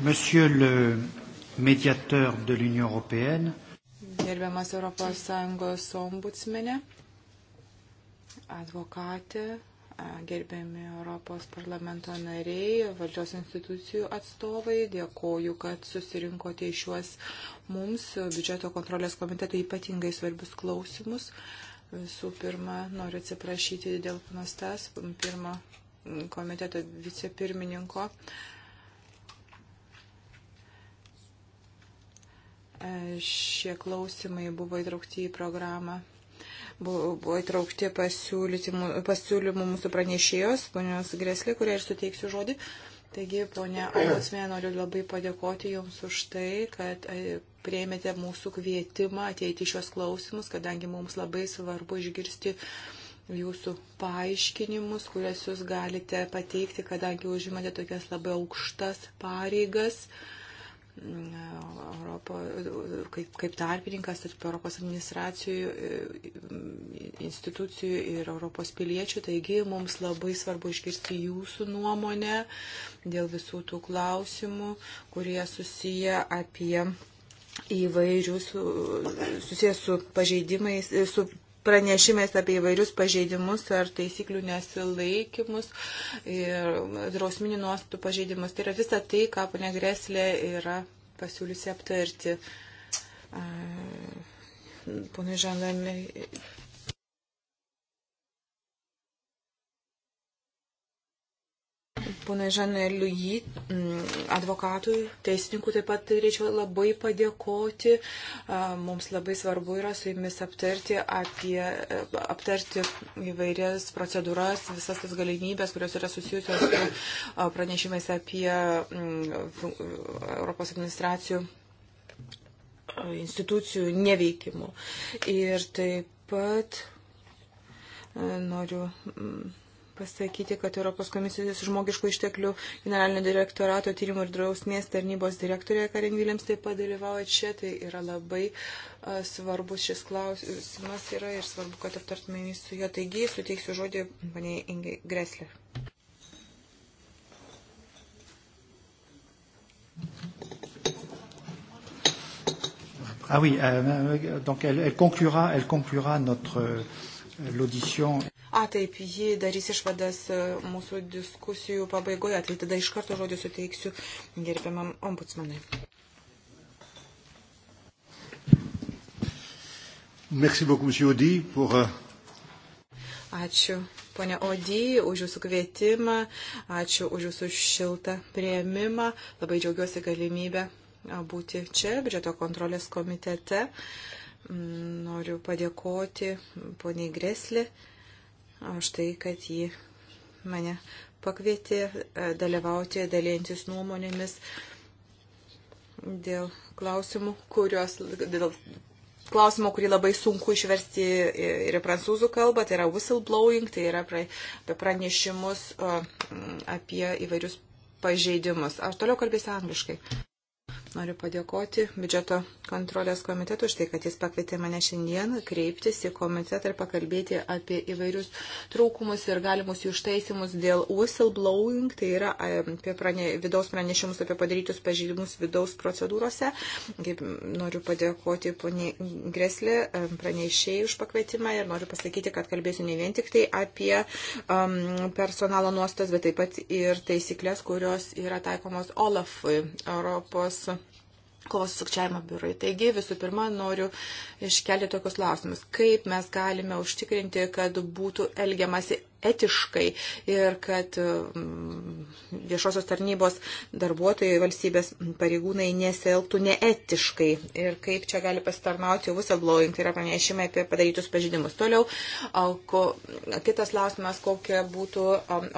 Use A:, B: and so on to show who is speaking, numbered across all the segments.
A: Monsieur le médiateur de l'Union européenne.
B: Gerbiamas ES ombudsmenė, advokatė, gerbiami Europos parlamento nariai, valdžios institucijų atstovai, dėkoju, kad susirinkote į šiuos mums, biudžeto kontrolės komiteto ypatingai svarbius klausimus. Visų pirma, noriu atsiprašyti dėl panostas, pirmo komiteto vicepirmininko. Uh, šie klausimai buvo įtraukti į programą. Buvo įtraukti pasiūlymų mūsų pranešėjos, ponios Greslė, kurie ir suteiksiu žodį. Taigi, ponia Augusmė, noriu labai padėkoti Jums už tai, kad e, prieimėte mūsų kvietimą ateiti šios klausimus, kadangi mums labai svarbu išgirsti Jūsų paaiškinimus, kurias Jūs galite pateikti, kadangi užimate tokias labai aukštas pareigas. Uh, Europo, kaip, kaip tarpininkas tarp Europos administracijų, institucijų ir Europos piliečių. Taigi mums labai svarbu išgirsti jūsų nuomonę dėl visų tų klausimų, kurie susiję apie įvairius susijęs su pažeidimais, su pranešimais apie įvairius pažeidimus ar taisyklių nesilaikimus ir drausminių nuostatų pažeidimus. Tai yra visa tai, ką ponia Greslė yra pasiūliusi aptarti. Ponai Žanami, Pana Žanai Liuji, mm, advokatui, teisininkui taip pat reičiau labai padėkoti. Mums labai svarbu yra su jumis aptarti, apie, aptarti įvairias procedūras, visas tas galimybės, kurios yra susijusios su pranešimais apie mm, Europos administracijų institucijų neveikimu. Ir taip pat noriu. Mm, pasakyti, kad Europos komisijos žmogiškų išteklių generalinio direktorato tyrimų ir drausmės tarnybos direktorė Karin Viljams taip pat dalyvauja čia. Tai yra labai svarbus šis klausimas yra ir svarbu, kad aptartume jį su jo. Taigi, suteiksiu žodį paniai Ingai Gresler.
C: Ah oui, euh, donc elle, elle, conclura, elle conclura notre. Euh,
A: l'audition.
B: A, taip, ji darys išvadas e, mūsų diskusijų pabaigoje, tai tada iš karto žodį suteiksiu gerbiamam ombudsmanai.
C: Merci beaucoup, monsieur Audi, pour. Euh,
B: ačiū, ponia Odį, už jūsų kvietimą, ačiū už jūsų šiltą prieimimą. Labai džiaugiuosi galimybę būti čia, biudžeto kontrolės komitete. Uh, Noriu padėkoti poniai Greslį už tai, kad ji mane pakvietė e, dalyvauti, dalintis nuomonėmis dėl klausimų, kurios, dėl klausimo, kurį labai sunku išversti ir į prancūzų kalbą, tai yra whistleblowing, tai yra apie pranešimus apie įvairius pažeidimus. Aš toliau kalbėsiu angliškai. Noriu padėkoti biudžeto kontrolės komitetui už tai, kad jis pakvietė mane šiandien kreiptis į komitetą ir pakalbėti apie įvairius trūkumus ir galimus jų ištaisimus dėl whistleblowing, tai yra apie prane, vidaus pranešimus apie padarytus pažeidimus vidaus procedūrose. Kaip noriu padėkoti poniai Greslė pranešėjai už pakvietimą ir noriu pasakyti, kad kalbėsiu ne vien tik tai apie um, personalo nuostas, bet taip pat ir taisyklės, kurios yra taikomos Olafui, Europos kovos su sukčiavimo biurai. Taigi, visų pirma, noriu iškelti tokius klausimus. Kaip mes galime užtikrinti, kad būtų elgiamasi etiškai ir kad mm, viešosios tarnybos darbuotojai, valstybės pareigūnai nesielgtų neetiškai ir kaip čia gali pasitarnauti whistleblowing, tai yra pranešimai apie padarytus pažydimus. Toliau, ko, kitas klausimas, kokia būtų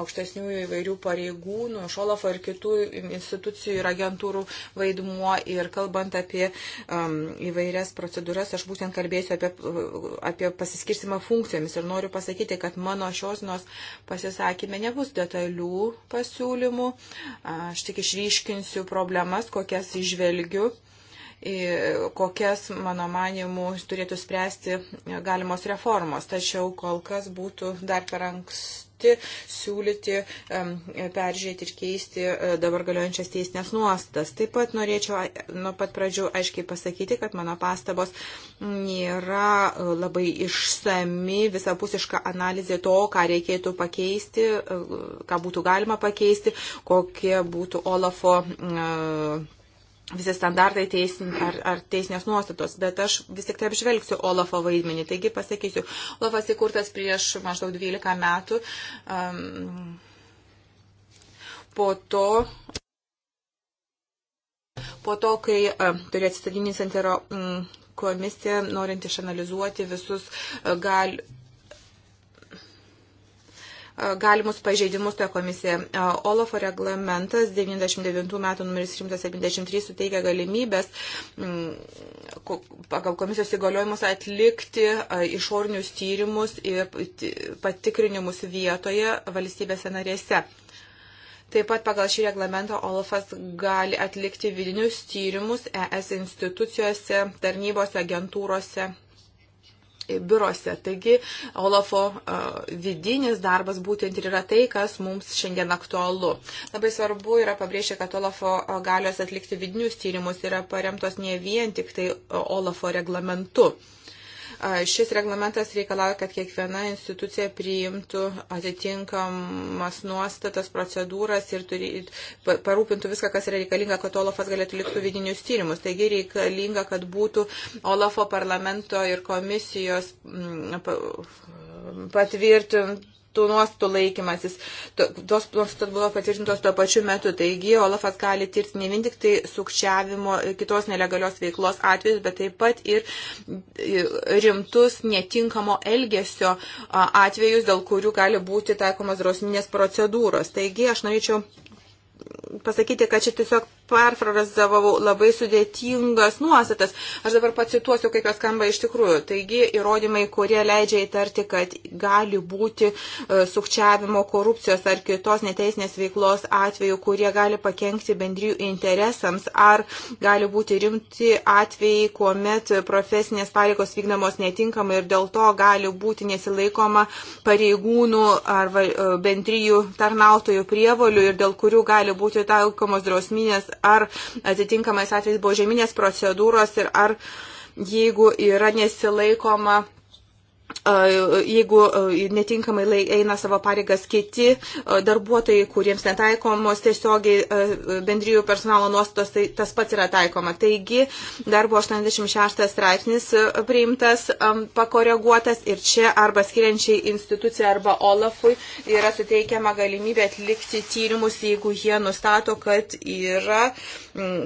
B: aukštesniųjų įvairių pareigūnų, Šolofo ir kitų institucijų ir agentūrų vaidmuo ir kalbant apie um, įvairias procedūras, aš būtent kalbėsiu apie, apie pasiskirstimą funkcijomis ir noriu pasakyti, kad mano šios nuo dienos pasisakymė nebus detalių pasiūlymų. Aš tik išryškinsiu problemas, kokias išvelgiu kokias, mano manimu, turėtų spręsti galimos reformos. Tačiau kol kas būtų dar per anksti pati siūlyti peržiūrėti ir keisti e, dabar galiojančias teisinės nuostas. Taip pat norėčiau nuo pat pradžių aiškiai pasakyti, kad mano pastabos nėra e, labai išsami visapusiška analizė to, ką reikėtų pakeisti, e, ką būtų galima pakeisti, kokie būtų Olafo uh, visi standartai teisin, ar, ar teisinės nuostatos, bet aš vis tik tai apžvelgsiu Olafo vaidmenį. Taigi pasakysiu, Olafas įkurtas prieš maždaug 12 metų. Um, po to. Po to, kai uh, turi atsistatydinį centero um, mm, komisija, norint išanalizuoti visus uh, gal, galimus pažeidimus toje komisijoje. Olofo reglamentas 99 metų numeris 173 suteikia galimybės mm, pagal komisijos įgaliojimus atlikti išorinius tyrimus ir patikrinimus vietoje valstybėse narėse. Taip pat pagal šį reglamentą OLAFas gali atlikti vidinius tyrimus ES institucijose, tarnybose, agentūrose biurose. Taigi Olafo vidinis darbas būtent ir yra tai, kas mums šiandien aktualu. Labai svarbu yra pabrėžti, kad Olafo galios atlikti vidinius tyrimus yra paremtos ne vien tik tai Olafo reglamentu. Šis reglamentas reikalauja, kad kiekviena institucija priimtų atitinkamas nuostatas, procedūras ir turi, parūpintų viską, kas yra reikalinga, kad Olafas galėtų likti vidinius tyrimus. Taigi reikalinga, kad būtų Olafo parlamento ir komisijos mm, patvirtinti tų nuostų laikymasis. Tos nuostos buvo patvirtintos tuo pačiu metu. Taigi Olafas gali tirti ne vien tik tai sukčiavimo e, kitos nelegalios veiklos atvejus, bet taip pat ir e, rimtus netinkamo elgesio atvejus, dėl kurių gali būti taikomas drausminės procedūros. Taigi aš norėčiau pasakyti, kad čia tiesiog perfrazavau labai sudėtingas nuostatas. Aš dabar pacituosiu, kaip jos skamba iš tikrųjų. Taigi įrodymai, kurie leidžia įtarti, kad gali būti e, sukčiavimo, korupcijos ar kitos neteisinės veiklos atveju, kurie gali pakengti bendrijų interesams, ar gali būti rimti atvejai, kuomet profesinės pareigos vykdamos netinkamai ir dėl to gali būti nesilaikoma pareigūnų ar e, bendrijų tarnautojų prievolių ir dėl kurių gali gali būti taikomos drausminės, ar atitinkamais atvejais buvo žeminės procedūros ir ar jeigu yra nesilaikoma jeigu netinkamai eina savo pareigas kiti darbuotojai, kuriems netaikomos tiesiogiai bendrijų personalo nuostatos, tai tas pats yra taikoma. Taigi, darbo 86 straipsnis priimtas, pakoreguotas ir čia arba skiriančiai institucijai arba Olafui yra suteikiama galimybė atlikti tyrimus, jeigu jie nustato, kad yra,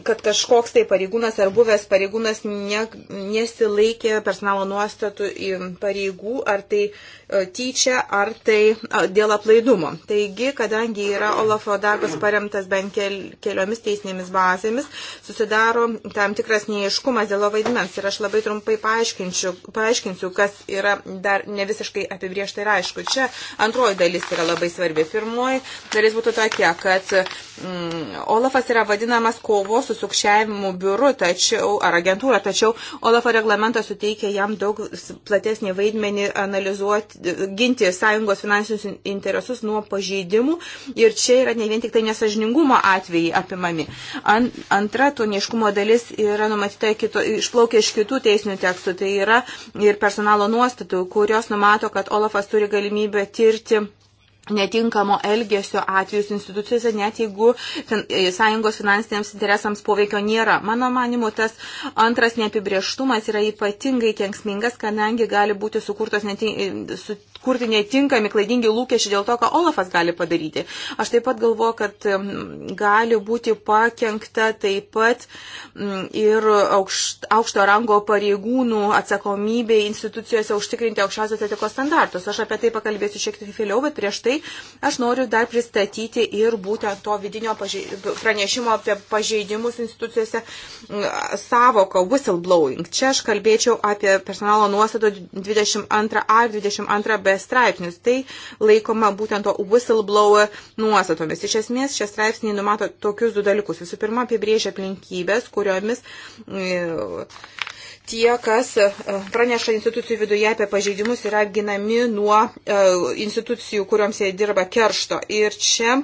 B: kad kažkoks tai pareigūnas ar buvęs pareigūnas ne, nesilaikė personalo nuostatų į pareigūną pareigų, ar tai e, tyčia, ar tai dėl aplaidumo. Taigi, kadangi yra Olafo darbas paremtas bent keliomis teisinėmis bazėmis, susidaro tam tikras neiškumas dėl jo vaidmens. Ir aš labai trumpai paaiškinsiu, kas yra dar ne visiškai apibriešta ir aišku. Čia antroji dalis yra labai svarbi. Pirmoji dalis būtų tokia, kad mm, Olafas yra vadinamas kovos su sukčiavimu biuru tačiau, ar agentūra, tačiau Olafo reglamentas suteikia jam daug platesnį vaidmenį vaidmenį analizuoti, ginti sąjungos finansinius interesus nuo pažeidimų ir čia yra ne vien tik tai nesažiningumo atvejai apimami. Antra to neiškumo dalis yra numatyta kito, išplaukia iš kitų teisinių tekstų, tai yra ir personalo nuostatų, kurios numato, kad Olafas turi galimybę tirti netinkamo elgesio atvejus institucijose, net jeigu fin, e, sąjungos finansiniams interesams poveikio nėra. Mano manimu, tas antras neapibrieštumas yra ypatingai kenksmingas, kadangi gali būti sukurtos neti, e, su, kurti netinkami, klaidingi lūkesčiai dėl to, ką Olafas gali padaryti. Aš taip pat galvoju, kad gali būti pakengta taip pat ir aukšt, aukšto rango pareigūnų atsakomybė institucijose užtikrinti aukščiausios etikos standartus. Aš apie tai pakalbėsiu šiek tiek vėliau, bet prieš tai aš noriu dar pristatyti ir būtent to vidinio pranešimo apie pažeidimus institucijose savoką whistleblowing. Čia aš kalbėčiau apie personalo nuostato 22a ir 22b valstybės straipsnius. Tai laikoma būtent to whistleblower nuostatomis. Iš esmės, šie straipsniai numato tokius du dalykus. Visų pirma, apibrėžia aplinkybės, kuriomis. E, tie, kas e, praneša institucijų viduje apie pažeidimus, yra apginami nuo e, institucijų, kuriuoms jie dirba keršto. Ir čia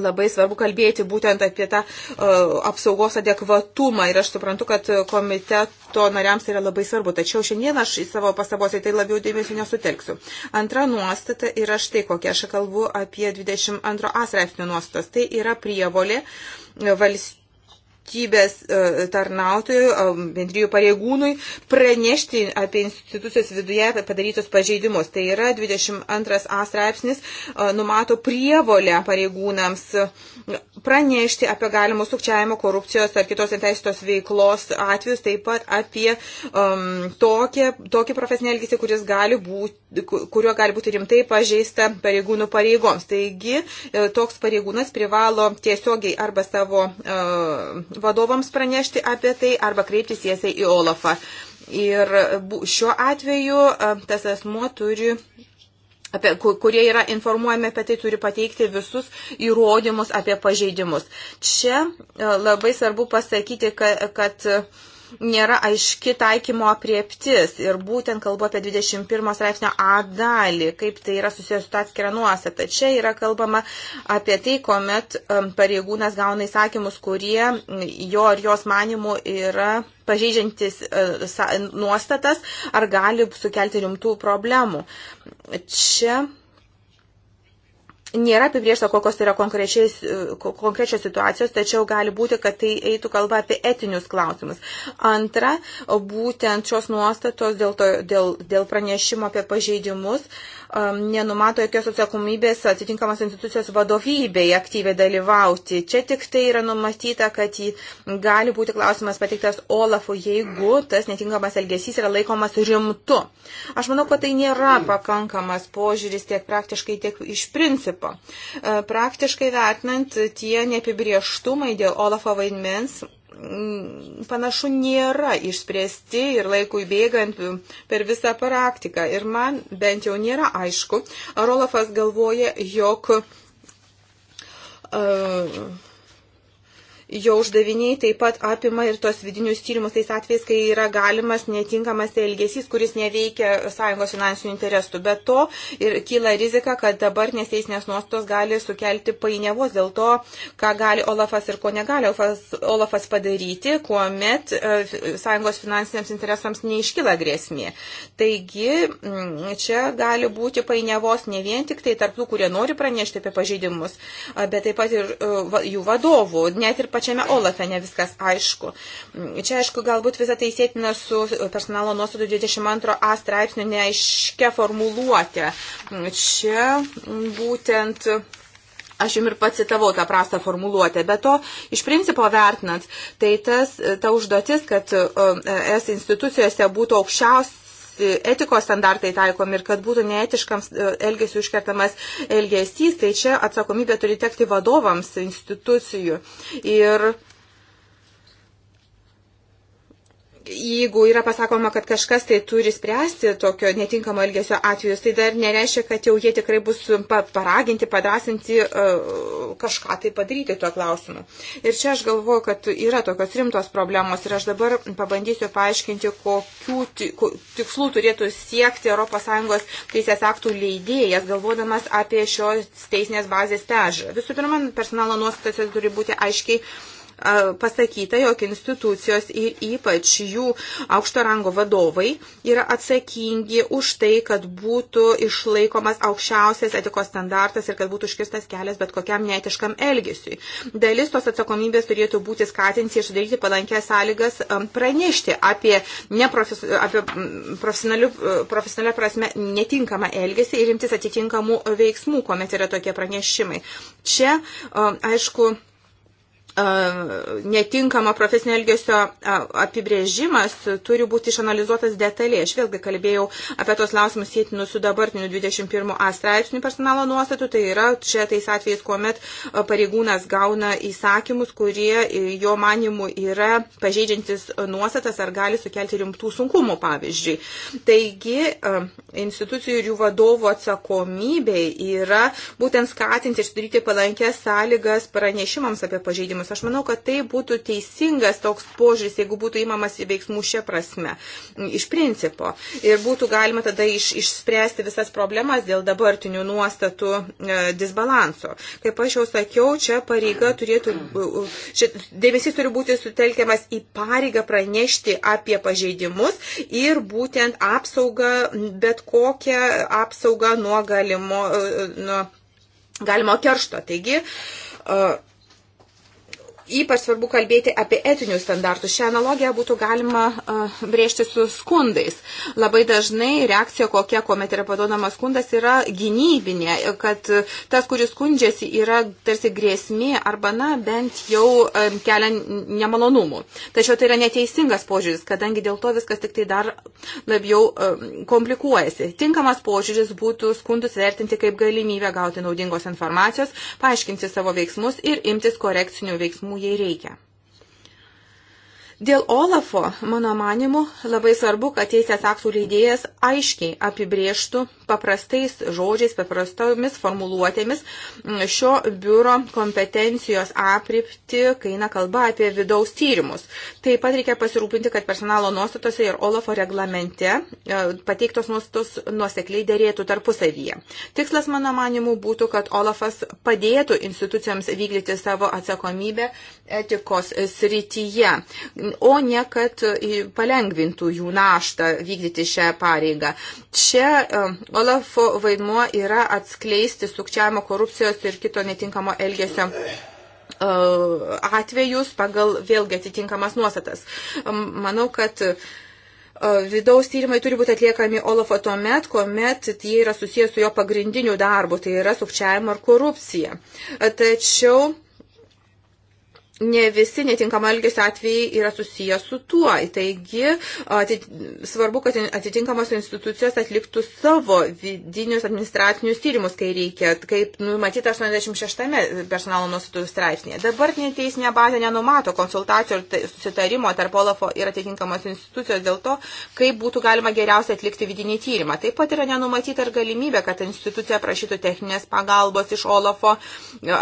B: labai svarbu kalbėti būtent apie tą e, apsaugos adekvatumą ir aš suprantu, kad komiteto nariams tai yra labai svarbu, tačiau šiandien aš į savo pastabose tai labiau dėmesio nesutelksiu. Antra nuostata yra štai kokia, aš kalbu apie 22 A straipsnio nuostatas, tai yra prievolė valstybė valstybės e, tarnautojui, bendrijų pareigūnui pranešti apie institucijos viduje padarytus pažeidimus. Tai yra 22a straipsnis e, numato prievolę pareigūnams e, pranešti apie galimus sukčiavimo, korupcijos ar kitos neteisėtos veiklos atvejus, taip pat apie um, tokį, tokį profesinį elgesį, kuris gali būti, kuriuo gali būti rimtai pažeista pareigūnų pareigoms. Taigi toks pareigūnas privalo tiesiogiai arba savo uh, vadovams pranešti apie tai arba kreiptis tiesiai į Olafą. Ir šiuo atveju e, tas asmuo turi apie, kurie yra informuojami apie tai, turi pateikti visus įrodymus apie pažeidimus. Čia e, labai svarbu pasakyti, kad, kad nėra aiški taikymo apriektis. Ir būtent kalbu apie 21 straipsnio A dalį, kaip tai yra susijęs su atskira nuostata. Čia yra kalbama apie tai, kuomet pareigūnas gauna įsakymus, kurie jo ar jos manimų yra pažeidžiantis e, nuostatas ar gali sukelti rimtų problemų. Čia Nėra apibriešta, kokios tai yra konkrečios situacijos, tačiau gali būti, kad tai eitų kalba apie etinius klausimus. Antra, būtent šios nuostatos dėl, to, dėl, dėl pranešimo apie pažeidimus uh, Um, nenumato jokios atsakomybės atitinkamos institucijos vadovybei aktyviai dalyvauti. Čia tik tai yra numatyta, kad gali būti klausimas pateiktas Olafu, jeigu tas netinkamas elgesys yra laikomas rimtu. Aš manau, kad tai nėra pakankamas požiūris tiek praktiškai, tiek iš principo. Uh, praktiškai vertinant, tie neapibrieštumai dėl Olafo vaidmens Mm, panašu nėra išspręsti ir laikui bėgant per visą praktiką. Ir man bent jau nėra aišku, ar Olafas galvoja, jog uh, jo uždaviniai taip pat apima ir tos vidinius tyrimus tais atvejais, kai yra galimas netinkamas elgesys, kuris neveikia sąjungos finansinių interesų. Be to ir kyla rizika, kad dabartinės teisinės nuostos gali sukelti painiavos dėl to, ką gali Olafas ir ko negali Olafas, Olafas padaryti, kuomet e, sąjungos finansiniams interesams neiškyla grėsmė. Taigi mm, čia gali būti painiavos ne vien tik tai tarp tų, kurie nori pranešti apie pažeidimus, bet taip pat ir e, jų vadovų, net ir pačių pačiame Olafe ne viskas aišku. Čia aišku, galbūt visą tai sėtina su personalo nuostatų 22a straipsniu neaiškia formuluotė. Čia būtent aš jums ir pacitavau tą prastą formuluotę. Be to, iš principo vertinant, tai tas, ta užduotis, kad e, es institucijose būtų aukščiausias E, etikos standartai taikomi ir kad būtų neetiškams e, elgesių iškertamas elgesys, tai čia atsakomybė turi tekti vadovams institucijų. Ir jeigu yra pasakoma, kad kažkas tai turi spręsti tokio netinkamo elgesio atvejus, tai dar nereiškia, kad jau jie tikrai bus paraginti, padrasinti e, kažką tai padaryti tuo klausimu. Ir čia aš galvoju, kad yra tokios rimtos problemos ir aš dabar pabandysiu paaiškinti, kokių tikslų turėtų siekti ES teisės aktų leidėjas, galvodamas apie šios teisinės bazės pežą. Visų pirma, personalo nuostatas turi būti aiškiai pasakyta, jog institucijos ir ypač jų aukšto rango vadovai yra atsakingi už tai, kad būtų išlaikomas aukščiausias etikos standartas ir kad būtų užkirstas kelias bet kokiam neetiškam elgesiui. Dalis tos atsakomybės turėtų būti skatinti ir sudaryti palankės sąlygas pranešti apie, neprofes, apie profesionalią prasme netinkamą elgesį ir imtis atitinkamų veiksmų, kuomet yra tokie pranešimai. Čia, aišku, netinkamo profesinio elgesio apibrėžimas turi būti išanalizuotas detaliai. Aš vėlgi kalbėjau apie tos lausimus sėtinus su dabartiniu 21 A straipsniu personalo nuostatų. Tai yra čia tais atvejais, kuomet pareigūnas gauna įsakymus, kurie jo manimu yra pažeidžiantis nuostatas ar gali sukelti rimtų sunkumų, pavyzdžiui. Taigi institucijų ir jų vadovų atsakomybė yra būtent skatinti ir sudaryti palankės sąlygas pranešimams apie pažeidimą reikalavimus. Aš manau, kad tai būtų teisingas toks požiūris, jeigu būtų įmamas į veiksmų šią prasme, iš principo. Ir būtų galima tada iš, išspręsti visas problemas dėl dabartinių nuostatų e, disbalanso. Kaip aš jau sakiau, čia pareiga turėtų, čia dėmesys turi būti sutelkiamas į pareigą pranešti apie pažeidimus ir būtent apsaugą, bet kokią apsaugą nuo galimo, e, e, nuo galimo keršto. Taigi, uh, Ypač svarbu kalbėti apie etinius standartus. Šią analogiją būtų galima uh, brėžti su skundais. Labai dažnai reakcija kokia, kuomet yra padodamas skundas, yra gynybinė, kad tas, kuris skundžiasi, yra tarsi grėsmė arba, na, bent jau um, kelia nemalonumų. Tačiau tai yra neteisingas požiūris, kadangi dėl to viskas tik tai dar labiau um, komplikuojasi. Tinkamas požiūris būtų skundus vertinti kaip galimybę gauti naudingos informacijos, paaiškinti savo veiksmus ir imtis korekcinių veiksmų pasiūlymų, jei reikia. Dėl Olafo, mano manimu, labai svarbu, kad teisės aktų leidėjas aiškiai apibrieštų paprastais žodžiais, paprastomis formuluotėmis šio biuro kompetencijos apripti, kai eina kalba apie vidaus tyrimus. Taip pat reikia pasirūpinti, kad personalo nuostatose ir Olafo reglamente e, pateiktos nuostatos nuosekliai dėrėtų tarpusavyje. Tikslas, mano manimu, būtų, kad Olafas padėtų institucijoms vykdyti savo atsakomybę etikos srityje o ne kad e, palengvintų jų naštą vykdyti šią pareigą. Čia e, Olafo vaidmuo yra atskleisti sukčiavimo, korupcijos ir kito netinkamo elgesio e, atvejus pagal vėlgi atitinkamas nuostatas. Manau, kad vidaus tyrimai turi būti atliekami Olafo tuomet, kuomet jie yra susijęs su jo pagrindiniu darbu, tai yra sukčiavimo ir korupcija. Tačiau ne visi netinkamo elgesio atvejai yra susiję su tuo. Taigi atit, svarbu, kad atitinkamos institucijos atliktų savo vidinius administracinius tyrimus, kai reikia, kaip numatyta 86 personalo nuostatų straipsnėje. Dabartinė teisinė bazė nenumato konsultacijų ir susitarimo tarp Olafo ir atitinkamos institucijos dėl to, kaip būtų galima geriausiai atlikti vidinį tyrimą. Taip pat yra nenumatyta ir galimybė, kad institucija prašytų techninės pagalbos iš Olafo,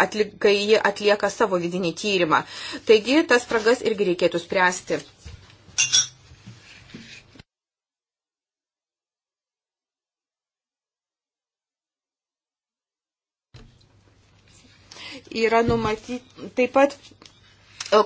B: atlik, kai ji atlieka savo vidinį tyrimą. Taigi, tas spragas irgi reikėtų spręsti. Yra numatyti taip pat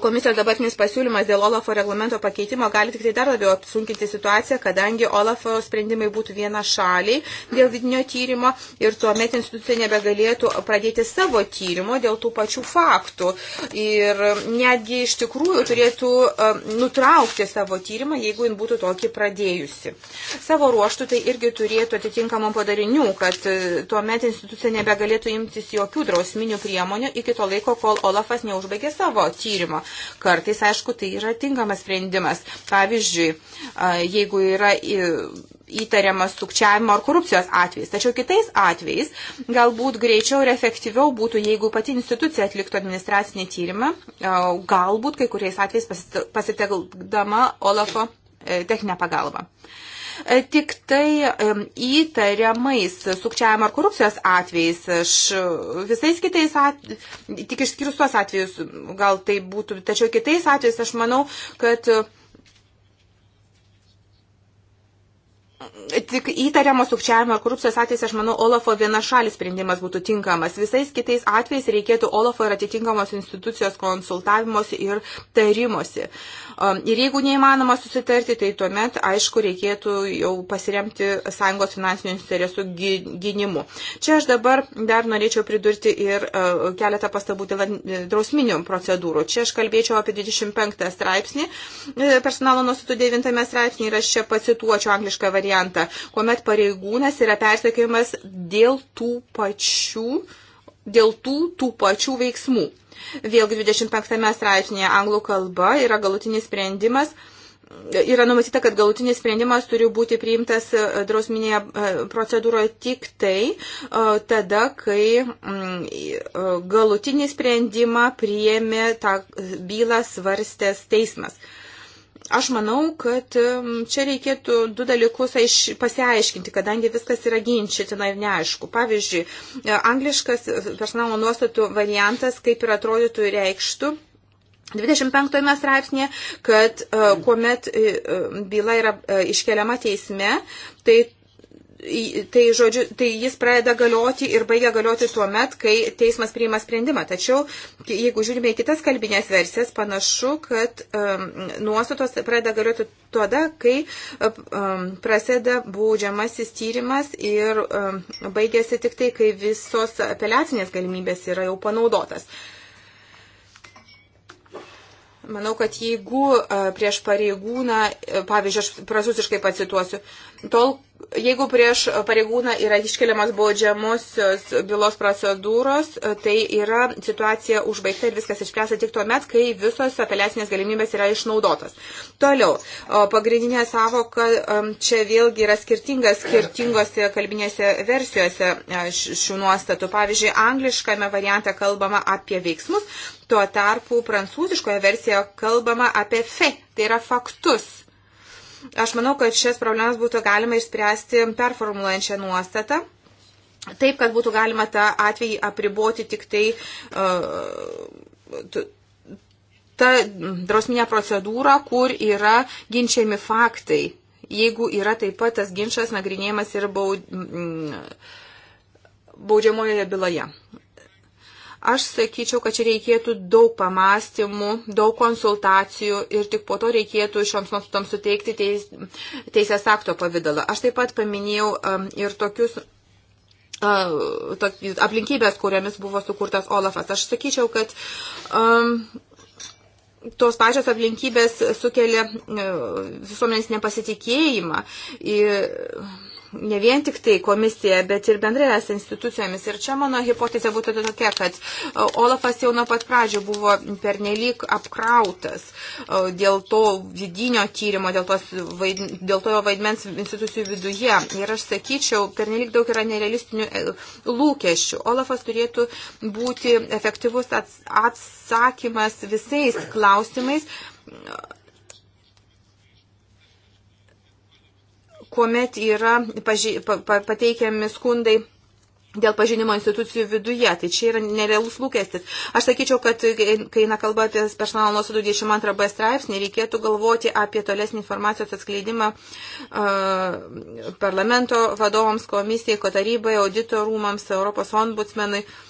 B: Komisijos dabartinis pasiūlymas dėl Olafo reglamento pakeitimo gali tik tai dar labiau apsunkinti situaciją, kadangi Olafo sprendimai būtų viena šaliai dėl vidinio tyrimo ir tuomet institucija nebegalėtų pradėti savo tyrimo dėl tų pačių faktų. Ir netgi iš tikrųjų turėtų e, nutraukti savo tyrimą, jeigu jin būtų tokį pradėjusi. Savo ruoštų tai irgi turėtų atitinkamam padarinių, kad e, tuomet institucija nebegalėtų imtis jokių drausminių priemonių iki to laiko, kol Olafas neužbaigė savo tyrimą klausimo. Kartais, aišku, tai yra tinkamas sprendimas. Pavyzdžiui, jeigu yra įtariamas sukčiavimo ar korupcijos atvejais. Tačiau kitais atvejais galbūt greičiau ir efektyviau būtų, jeigu pati institucija atliktų administracinį tyrimą, galbūt kai kuriais atvejais pasitelkdama Olafo e, techninę pagalbą tik tai įtariamais sukčiavimo ar korupcijos atvejais. Aš visais kitais atvejais, tik išskyrus tuos atvejus, gal tai būtų, tačiau kitais atvejais aš manau, kad tik įtariamo sukčiavimo ar korupcijos atvejais, aš manau, Olafo vienašalis sprendimas būtų tinkamas. Visais kitais atvejais reikėtų Olafo ir atitinkamos institucijos konsultavimosi ir tarimosi. Um, ir jeigu neįmanoma susitarti, tai tuomet, aišku, reikėtų jau pasiremti sąjungos finansinių interesų gynimu. Čia aš dabar dar norėčiau pridurti ir uh, keletą pastabų dėl drausminių procedūrų. Čia aš kalbėčiau apie 25 straipsnį, e, personalo nusitų 9 straipsnį ir aš čia pacituočiau anglišką variantą variantą, kuomet pareigūnas yra persekiojamas dėl tų pačių, dėl tų, tų pačių veiksmų. Vėlgi 25 straipsnėje anglų kalba yra galutinis sprendimas yra numatyta, kad galutinis sprendimas turi būti priimtas e, drausminėje e, procedūroje tik tai e, tada, kai mm, galutinį sprendimą priėmė tą bylą svarstęs teismas. Aš manau, kad čia reikėtų du dalykus aiš, pasiaiškinti, kadangi viskas yra ginčytina ir neaišku. Pavyzdžiui, e, angliškas personalo nuostatų variantas, kaip ir atrodytų, reikštų. 25 straipsnė, kad e, kuomet e, byla yra iškeliama teisme, tai tai, žodžiu, tai jis pradeda galioti ir baigia galioti tuo met, kai teismas priima sprendimą. Tačiau, jeigu žiūrime į kitas kalbinės versijas, panašu, kad um, nuostatos pradeda galioti tada, kai um, prasideda būdžiamasis tyrimas ir um, baigėsi tik tai, kai visos apeliacinės galimybės yra jau panaudotas. Manau, kad jeigu prieš pareigūną, pavyzdžiui, aš prancūziškai pacituosiu, uh, tol, jeigu prieš pareigūną yra iškeliamas baudžiamosios bylos procedūros, tai yra situacija užbaigta ir viskas išspręsta tik tuo met, kai visos apeliacinės galimybės yra išnaudotos. Toliau, pagrindinė savoka čia vėlgi yra skirtinga skirtingose kalbinėse versijose e, šių nuostatų. Pavyzdžiui, angliškame variante kalbama apie veiksmus, tuo tarpu prancūziškoje versijoje kalbama apie fe, tai yra faktus Aš manau, kad šias problemas būtų galima išspręsti performuluojančią nuostatą. Taip, kad būtų galima tą atvejį apriboti tik tai uh, ta drausminė procedūra, kur yra ginčiami faktai. Jeigu yra taip pat tas ginčas nagrinėjimas ir baud, mm, baudžiamojoje byloje. Aš sakyčiau, kad čia reikėtų daug pamastymų, daug konsultacijų ir tik po to reikėtų šioms nuostatoms suteikti teis, teisės akto pavydalą. Aš taip pat paminėjau um, ir tokius uh, tok, aplinkybės, kuriomis buvo sukurtas Olafas. Aš sakyčiau, kad um, tos pačios aplinkybės sukelia uh, visuomenės nepasitikėjimą. Ir ne vien tik tai komisija, bet ir bendrai es institucijomis. Ir čia mano hipotezė būtų tokia, kad e, Olafas jau nuo pat pradžių buvo pernelyg apkrautas e, dėl to vidinio tyrimo, dėl, tos, dėl to jo vaidmens institucijų viduje. Ir aš sakyčiau, pernelyg daug yra nerealistinių e, lūkesčių. Olafas turėtų būti efektyvus atsakymas visais klausimais kuomet yra paži... pa... pateikiami skundai dėl pažinimo institucijų viduje. Tai čia yra nerealus lūkestis. Aš sakyčiau, kad kai eina kalba apie personalo nuosėdų 22b straipsnį, reikėtų galvoti apie tolesnį informacijos atskleidimą uh, parlamento vadovams, komisijai, kotarybai, auditorumams, Europos ombudsmenui. Uh,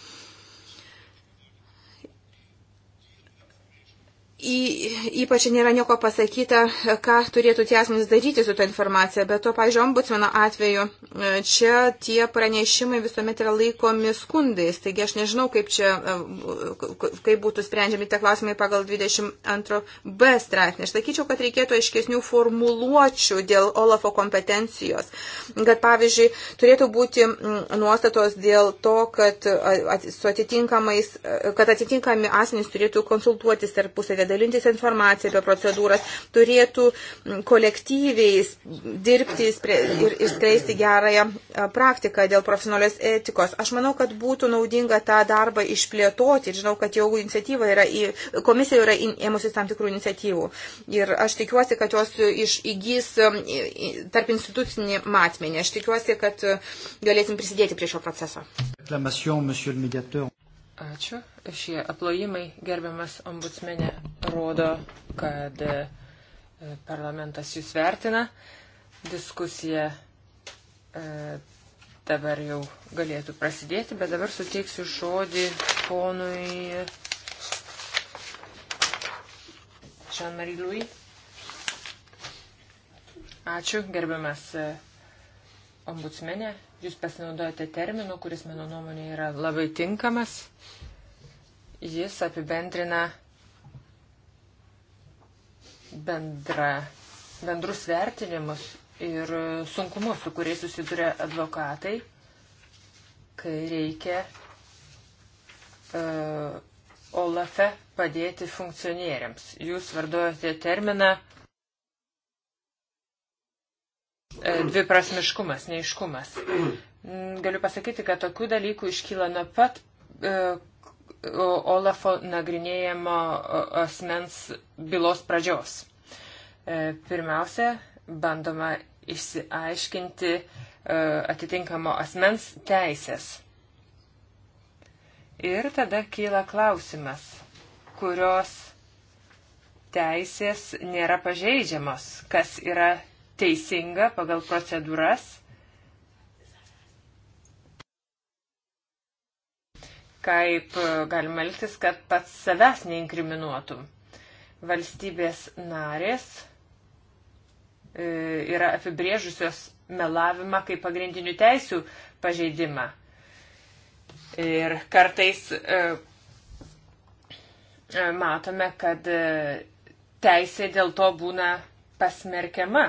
B: ypač nėra nieko pasakyta, ką turėtų tie asmenys daryti su tą informacija, bet to, pažiūrėjau, ombudsmeno atveju e, čia tie pranešimai visuomet yra laikomi skundais, taigi aš nežinau, kaip čia, e, kaip būtų sprendžiami tie klausimai pagal 22b straipsnį. Aš sakyčiau, kad reikėtų aiškesnių formuluočių dėl Olafo kompetencijos, kad pavyzdžiui, turėtų būti nuostatos dėl to, kad, su atitinkamais, e, kad atitinkami asmenys turėtų konsultuotis tarpusavėje dalintis informaciją apie procedūras, turėtų kolektyviai dirbti ir, ir skleisti gerąją e, praktiką dėl profesionalios etikos. Aš manau, kad būtų naudinga tą darbą išplėtoti ir žinau, kad jau iniciatyva yra, komisija yra ėmusis tam tikrų iniciatyvų. Ir aš tikiuosi, kad jos iš, įgys e, tarp institucinį matmenį. Aš tikiuosi, kad e, galėsim prisidėti prie šio
A: proceso. Ačiū. Šie aplojimai, gerbiamas ombudsmenė, rodo, kad e, parlamentas jūs vertina. Diskusija e, dabar jau galėtų prasidėti, bet dabar suteiksiu žodį ponui Jean-Marie Louis. Ačiū, gerbiamas e, ombudsmenė, Jūs pasinaudojate terminu, kuris mano nuomonė yra labai tinkamas. Jis apibendrina bendra, bendrus vertinimus ir sunkumus, su kuriais susiduria advokatai, kai reikia uh, Olafe padėti funkcionieriams. Jūs vardojate terminą uh, E, dviprasmiškumas, neiškumas. Mm, galiu pasakyti, kad tokių dalykų iškyla nuo pat e, Olafo nagrinėjimo asmens bylos pradžios. E, pirmiausia, bandoma išsiaiškinti atitinkamo asmens teisės. Ir tada kyla klausimas, kurios teisės nėra pažeidžiamos, kas yra teisinga pagal procedūras, kaip e, galima elgtis, kad pats savęs neinkriminuotum. Valstybės narės e, yra apibrėžusios melavimą kaip pagrindinių teisių pažeidimą. Ir kartais e, matome, kad teisė dėl to būna pasmerkiama.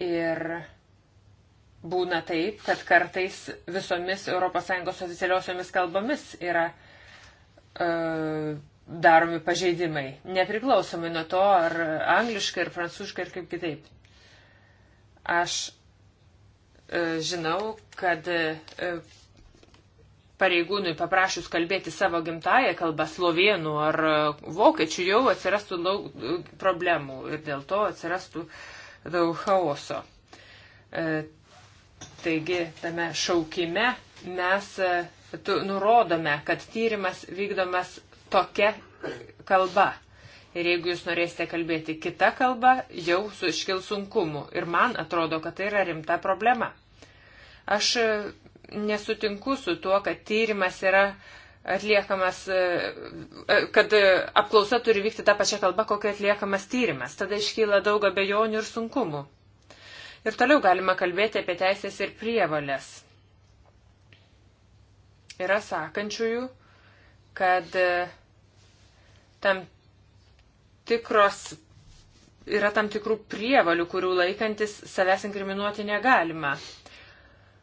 A: Ir būna taip, kad kartais visomis ES oficialiosiomis kalbomis yra e, daromi pažeidimai, nepriklausomai nuo to, ar angliškai, ar prancūziškai, ar kaip kitaip. Aš e, žinau, kad e, pareigūnui paprašus kalbėti savo gimtają kalbą slovėnų ar e, vokiečių jau atsirastų daug e, problemų ir dėl to atsirastų uh, daug chaoso. E, taigi tame šaukime mes e, nurodome, kad tyrimas vykdomas tokia kalba. Ir jeigu jūs norėsite kalbėti kitą kalbą, jau iškil sunkumų. Ir man atrodo, kad tai yra rimta problema. Aš e, nesutinku su tuo, kad tyrimas yra uh, atliekamas, e, e, kad apklausa turi vykti tą pačią kalbą, kokia atliekamas tyrimas. Tada iškyla daug abejonių ir sunkumų. Ir toliau galima kalbėti apie teisės ir prievalės. Yra sakančiųjų, kad e, tam tikros, yra tam tikrų prievalių, kurių laikantis savęs inkriminuoti negalima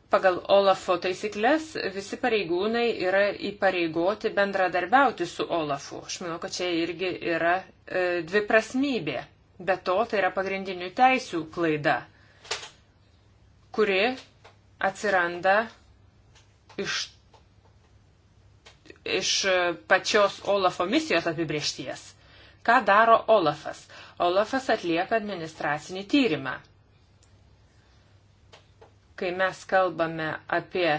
A: pagal Olafo taisyklės visi pareigūnai yra įpareigoti bendradarbiauti su Olafu. Aš manau, kad čia irgi yra e, dviprasmybė. Be to, tai yra pagrindinių teisių klaida, kuri atsiranda iš, iš pačios Olafo misijos apibriešties. Ką daro Olafas? Olafas atlieka administracinį tyrimą. Kai mes kalbame apie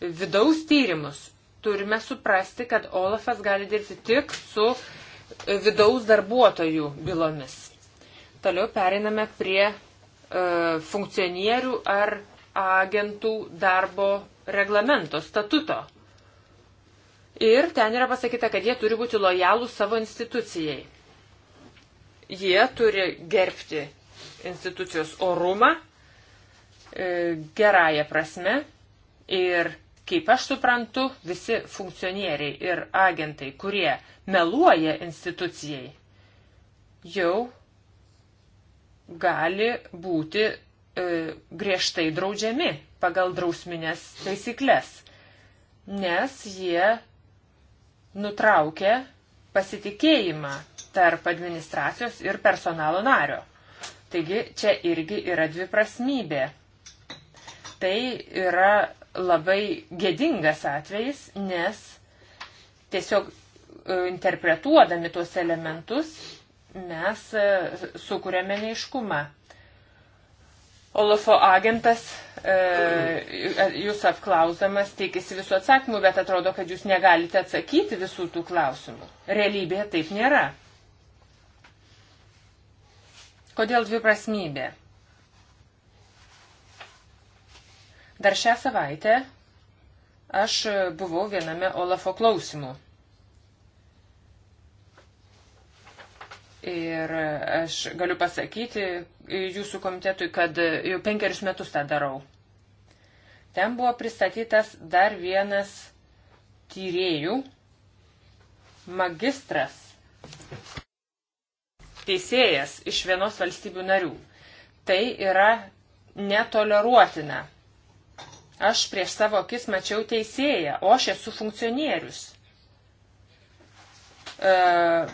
A: vidaus tyrimus, turime suprasti, kad Olafas gali dirbti tik su vidaus darbuotojų bylomis. Toliau pereiname prie e, funkcionierių ar agentų darbo reglamento, statuto. Ir ten yra pasakyta, kad jie turi būti lojalūs savo institucijai. Jie turi gerbti institucijos orumą E, gerąją prasme ir, kaip aš suprantu, visi funkcionieriai ir agentai, kurie meluoja institucijai, jau gali būti e, griežtai draudžiami pagal drausminės taisyklės, nes jie nutraukia pasitikėjimą tarp administracijos ir personalo nario. Taigi čia irgi yra dviprasmybė tai yra labai gėdingas atvejis, nes tiesiog e, interpretuodami tuos elementus mes e, sukūrėme neiškumą. Olofo agentas, e, jūs apklausamas, teikėsi visų atsakymų, bet atrodo, kad jūs negalite atsakyti visų tų klausimų. Realybėje taip nėra. Kodėl dviprasmybė? Dar šią savaitę aš buvau viename Olafo klausimų. Ir aš galiu pasakyti jūsų komitetui, kad jau penkerius metus tą darau. Ten buvo pristatytas dar vienas tyriejų, magistras, teisėjas iš vienos valstybių narių. Tai yra netoleruotina. Aš prieš savo akis mačiau teisėją, o aš esu funkcionierius. Uh,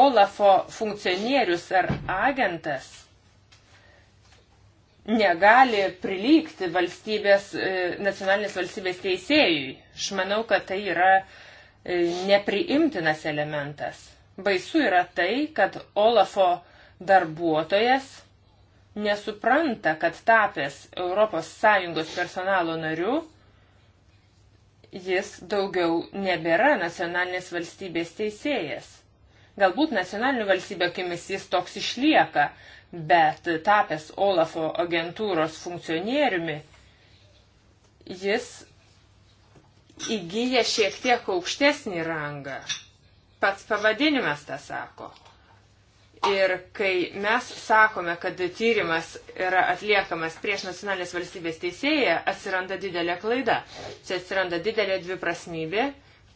A: Olafo funkcionierius ar agentas negali prilygti valstybės, e, nacionalinės valstybės teisėjui. Aš manau, kad tai yra e, nepriimtinas elementas. Baisu yra tai, kad Olafo darbuotojas nesupranta, kad tapęs ES personalo nariu, jis daugiau nebėra nacionalinės valstybės teisėjas. Galbūt nacionalinių valstybių akimis jis toks išlieka, bet tapęs Olafo agentūros funkcionieriumi, jis įgyja šiek tiek aukštesnį rangą. Pats pavadinimas tą sako. Ir kai mes sakome, kad tyrimas yra atliekamas prieš nacionalinės valstybės teisėją, atsiranda didelė klaida. Čia atsiranda didelė dviprasmybė,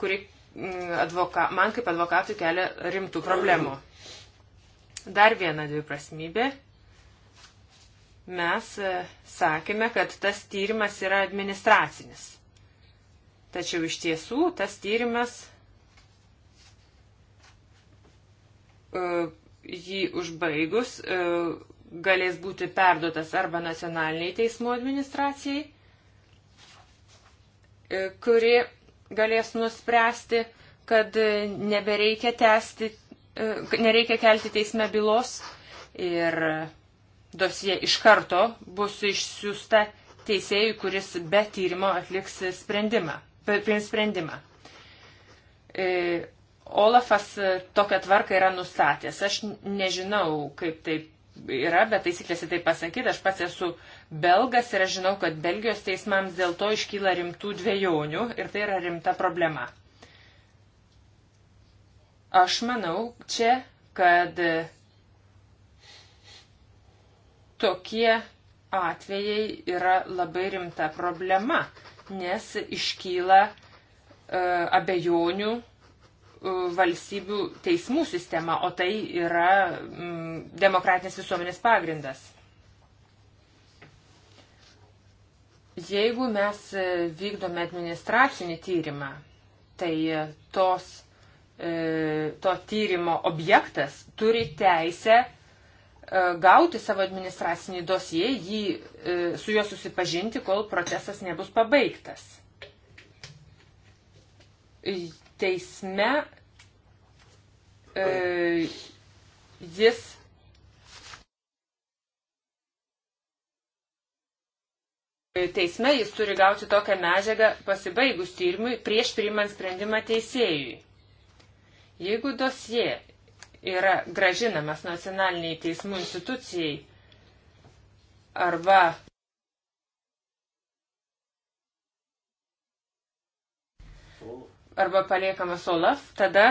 A: kuri mm, advoka, man kaip advokatui kelia rimtų problemų. Dar viena dviprasmybė. Mes e, sakėme, kad tas tyrimas yra administracinis. Tačiau iš tiesų tas tyrimas e, jį užbaigus e, galės būti perduotas arba nacionaliniai teismo administracijai, e, kuri galės nuspręsti, kad nebereikia tęsti, e, nereikia kelti teisme bylos ir dosie iš karto bus išsiųsta teisėjui, kuris be tyrimo atliks sprendimą, priims sprendimą. E, Olafas e, tokią tvarką yra nustatęs. Aš nežinau, kaip taip yra, bet taisyklėse tai pasakyti, aš pats esu belgas ir aš žinau, kad Belgijos teismams dėl to iškyla rimtų dviejonių ir tai yra rimta problema. Aš manau čia, kad e, tokie atvejai yra labai rimta problema, nes iškyla e, abejonių E, valstybių teismų sistema, o tai yra mm, demokratinės visuomenės pagrindas. Jeigu mes e, vykdome administracinį tyrimą, tai e, tos, to tyrimo objektas turi teisę gauti savo administracinį dosiją, jį, su juo susipažinti, kol procesas nebus pabaigtas teisme e, jis Teisme jis turi gauti tokią medžiagą pasibaigus tyrimui prieš priimant sprendimą teisėjui. Jeigu dosie yra gražinamas nacionaliniai teismų institucijai arba arba paliekamas Olaf, tada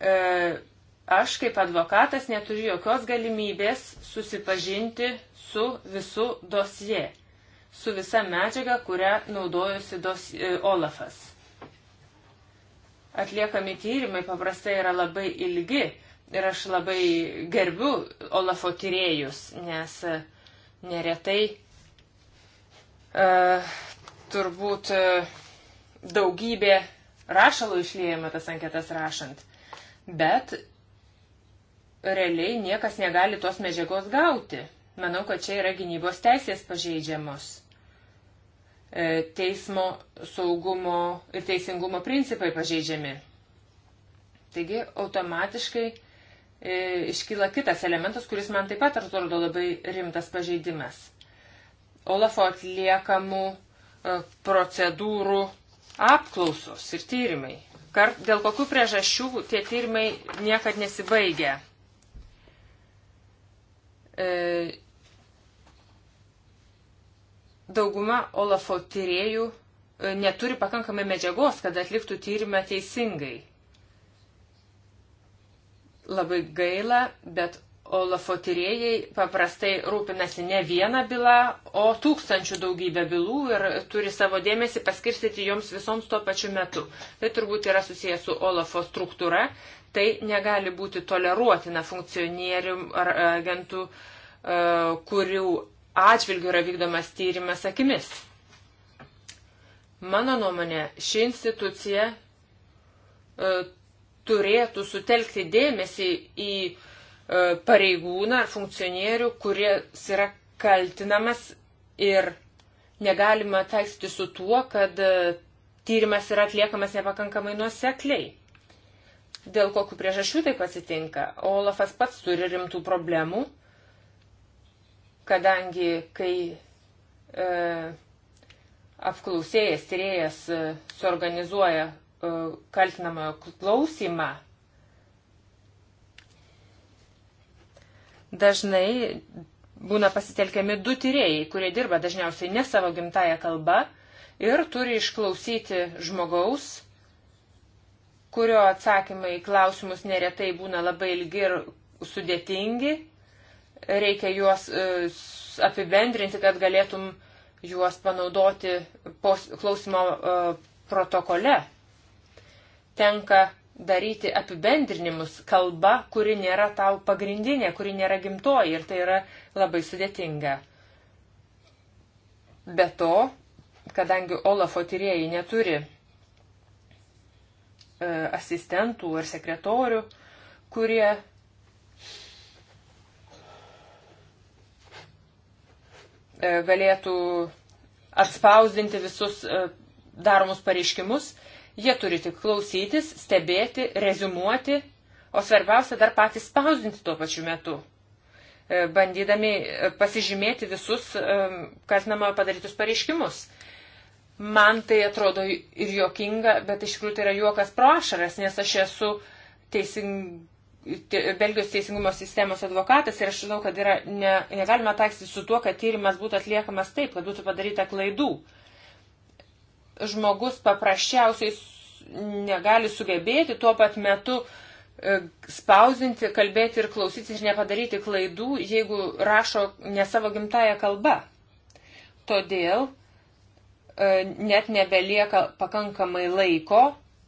A: e, aš kaip advokatas neturiu jokios galimybės susipažinti su visu dosie, su visa medžiaga, kurią naudojusi dos, e, Olafas. Atliekami tyrimai paprastai yra labai ilgi ir aš labai gerbiu Olafo tyrėjus, nes e, neretai e, turbūt e, daugybė rašalo išliejama tas anketas rašant. Bet realiai niekas negali tos medžiagos gauti. Manau, kad čia yra gynybos teisės pažeidžiamos. E, teismo saugumo ir teisingumo principai pažeidžiami. Taigi automatiškai e, iškyla kitas elementas, kuris man taip pat atrodo labai rimtas pažeidimas. Olafo atliekamų e, procedūrų Apklausos ir tyrimai. Kart, dėl kokių priežasčių tie tyrimai niekad nesibaigia. E, dauguma Olafo tyriejų e, neturi pakankamai medžiagos, kad atliktų tyrimą teisingai. Labai gaila, bet Olafo tyrėjai paprastai rūpinasi ne vieną bylą, o tūkstančių daugybę bylų ir turi savo dėmesį paskirstyti joms visoms tuo pačiu metu. Tai turbūt yra susijęs su Olafo struktūra, tai negali būti toleruotina funkcionierių ar agentų, e, kurių atžvilgių yra vykdomas tyrimas akimis. Mano nuomonė, ši institucija e, turėtų sutelkti dėmesį į E, pareigūną ar funkcionierių, kuris yra kaltinamas ir negalima taikstyti su tuo, kad e, tyrimas yra atliekamas nepakankamai nuosekliai. Dėl kokių priežasčių tai pasitinka? Olafas pats turi rimtų problemų, kadangi kai e, apklausėjas, tyrėjas e, suorganizuoja e, kaltinamojo klausimą, dažnai būna pasitelkiami du tyrėjai, kurie dirba dažniausiai ne savo gimtają kalbą ir turi išklausyti žmogaus, kurio atsakymai į klausimus neretai būna labai ilgi ir sudėtingi. Reikia juos e, apibendrinti, kad galėtum juos panaudoti klausimo e, protokole. Tenka daryti apibendrinimus kalba, kuri nėra tau pagrindinė, kuri nėra gimtoji ir tai yra labai sudėtinga. Be to, kadangi Olafo tyrėjai neturi e, asistentų ar sekretorių, kurie e, galėtų atspausdinti visus e, daromus pareiškimus, Jie turi tik klausytis, stebėti, rezumuoti, o svarbiausia dar patys spausdinti tuo pačiu metu, e, bandydami e, pasižymėti visus e, kaltinamojo padarytus pareiškimus. Man tai atrodo ir jokinga, bet iš tikrųjų tai yra juokas pro ašaras, nes aš esu teising, Belgijos teisingumo sistemos advokatas ir aš žinau, kad yra ne, negalima taikstyti su tuo, kad tyrimas būtų atliekamas taip, kad būtų padaryta klaidų. Uh, žmogus paprasčiausiai negali sugebėti tuo pat metu e, spausinti, kalbėti ir klausytis ir nepadaryti klaidų, jeigu rašo ne savo gimtają kalbą. Todėl e, net nebelieka pakankamai laiko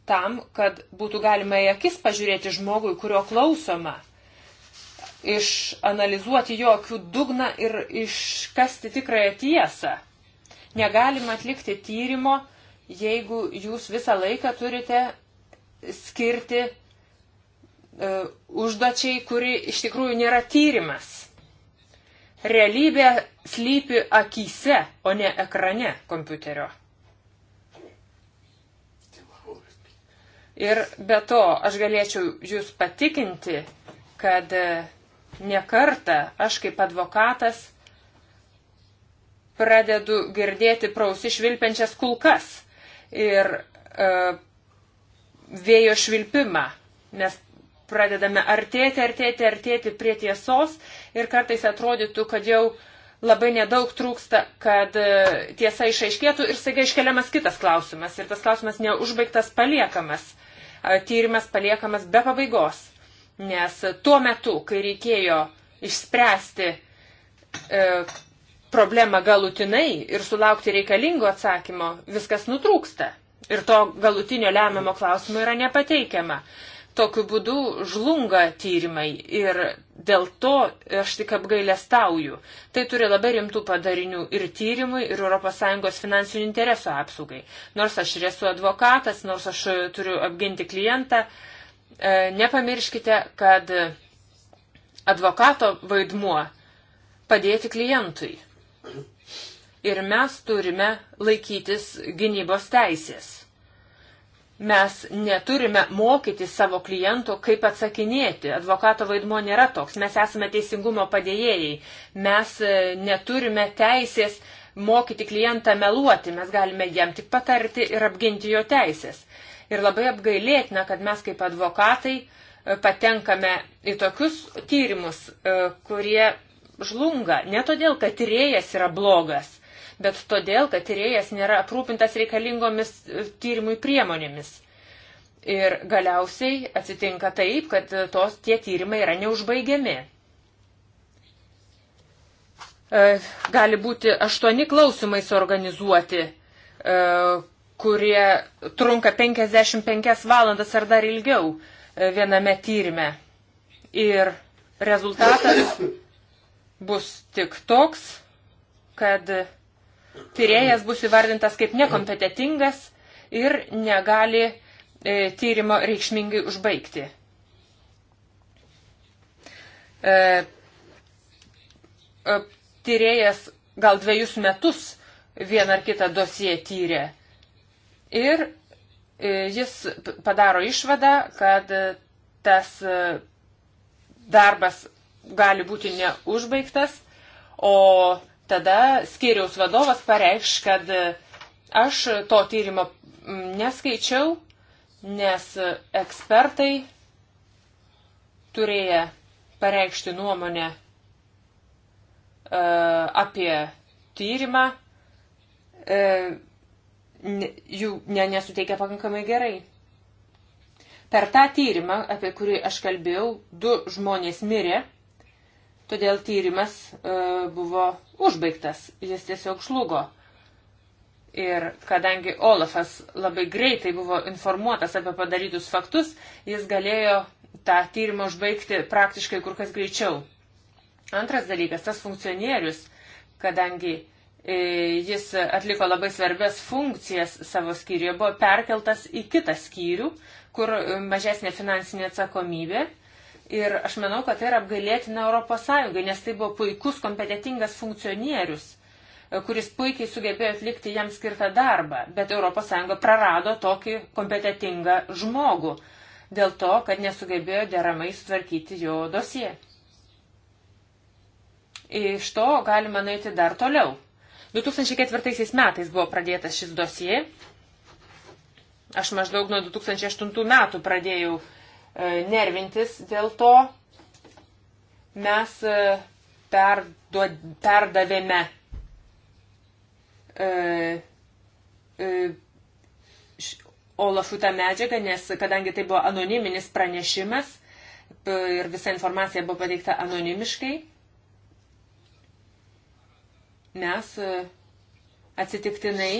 A: tam, kad būtų galima į akis pažiūrėti žmogui, kurio klausoma, išanalizuoti jo akių dugną ir iškasti tikrąją tiesą. Negalima atlikti tyrimo, jeigu jūs visą laiką turite skirti uh, užduočiai, kuri iš tikrųjų nėra tyrimas. Realybė slypi akise, o ne ekrane kompiuterio. Ir be to, aš galėčiau jūs patikinti, kad e, nekarta aš kaip advokatas pradedu girdėti prausi švilpiančias kulkas ir uh, vėjo švilpimą, nes pradedame artėti, artėti, artėti prie tiesos ir kartais atrodytų, kad jau labai nedaug trūksta, kad e, tiesa išaiškėtų ir staiga iškeliamas kitas klausimas ir tas klausimas neužbaigtas paliekamas, e, tyrimas paliekamas be pabaigos, nes tuo metu, kai reikėjo išspręsti e, problemą galutinai ir sulaukti reikalingo atsakymo, viskas nutrūksta. Ir to galutinio lemiamo klausimo yra nepateikiama. Tokiu būdu žlunga tyrimai ir dėl to aš tik apgailestauju. Tai turi labai rimtų padarinių ir tyrimui, ir ES finansinių interesų apsaugai. Nors aš ir esu advokatas, nors aš turiu apginti klientą, e, nepamirškite, kad advokato vaidmuo padėti klientui. Ir mes turime laikytis gynybos teisės. Mes neturime mokyti savo klientų, kaip atsakinėti. Advokato vaidmo nėra toks. Mes esame teisingumo padėjėjai. Mes e, neturime teisės mokyti klientą meluoti. Mes galime jam tik patarti ir apginti jo teisės. Ir labai apgailėtina, kad mes kaip advokatai e, patenkame į tokius tyrimus, e, kurie žlunga ne todėl, kad tyrėjas yra blogas, bet todėl, kad tyrėjas nėra aprūpintas reikalingomis e, tyrimui priemonėmis. Ir galiausiai atsitinka taip, kad e, tos tie tyrimai yra neužbaigiami. E, gali būti aštuoni klausimai suorganizuoti, kurie trunka 55 valandas ar dar ilgiau viename tyrime. Ir rezultatas bus tik toks, kad tyrėjas bus įvardintas kaip nekompetitingas ir negali e, tyrimo reikšmingai užbaigti. E, e, tyrėjas gal dviejus metus vieną ar kitą dosiją tyrė ir jis padaro išvadą, kad tas darbas gali būti neužbaigtas, o tada skyriaus vadovas pareikš, kad aš to tyrimo neskaičiau, nes ekspertai turėję pareikšti nuomonę e, apie tyrimą, e, jų ne, nesuteikia pakankamai gerai. Per tą tyrimą, apie kurį aš kalbėjau, du žmonės mirė Todėl tyrimas e, buvo užbaigtas, jis tiesiog žlugo. Ir kadangi Olafas labai greitai buvo informuotas apie padarytus faktus, jis galėjo tą tyrimą užbaigti praktiškai kur kas greičiau. Antras dalykas, tas funkcionierius, kadangi e, jis atliko labai svarbias funkcijas savo skyriuje, buvo perkeltas į kitą skyrių, kur e, mažesnė finansinė atsakomybė Ir aš manau, kad tai yra apgailėtina Europos Sąjungai, nes tai buvo puikus, kompetitingas funkcionierius, e, kuris puikiai sugebėjo atlikti jam skirtą darbą. Bet Europos Sąjunga prarado tokį kompetitingą žmogų dėl to, kad nesugebėjo deramai sutvarkyti jo dosie. Iš to galima nueiti dar toliau. 2004 metais buvo pradėtas šis dosie. Aš maždaug nuo 2008 metų pradėjau uh, E, nervintis dėl to. Mes e, perduod, perdavėme e, e, Olafui tą medžiagą, nes kadangi tai buvo anoniminis pranešimas ir visa informacija buvo pateikta anonimiškai, mes e, atsitiktinai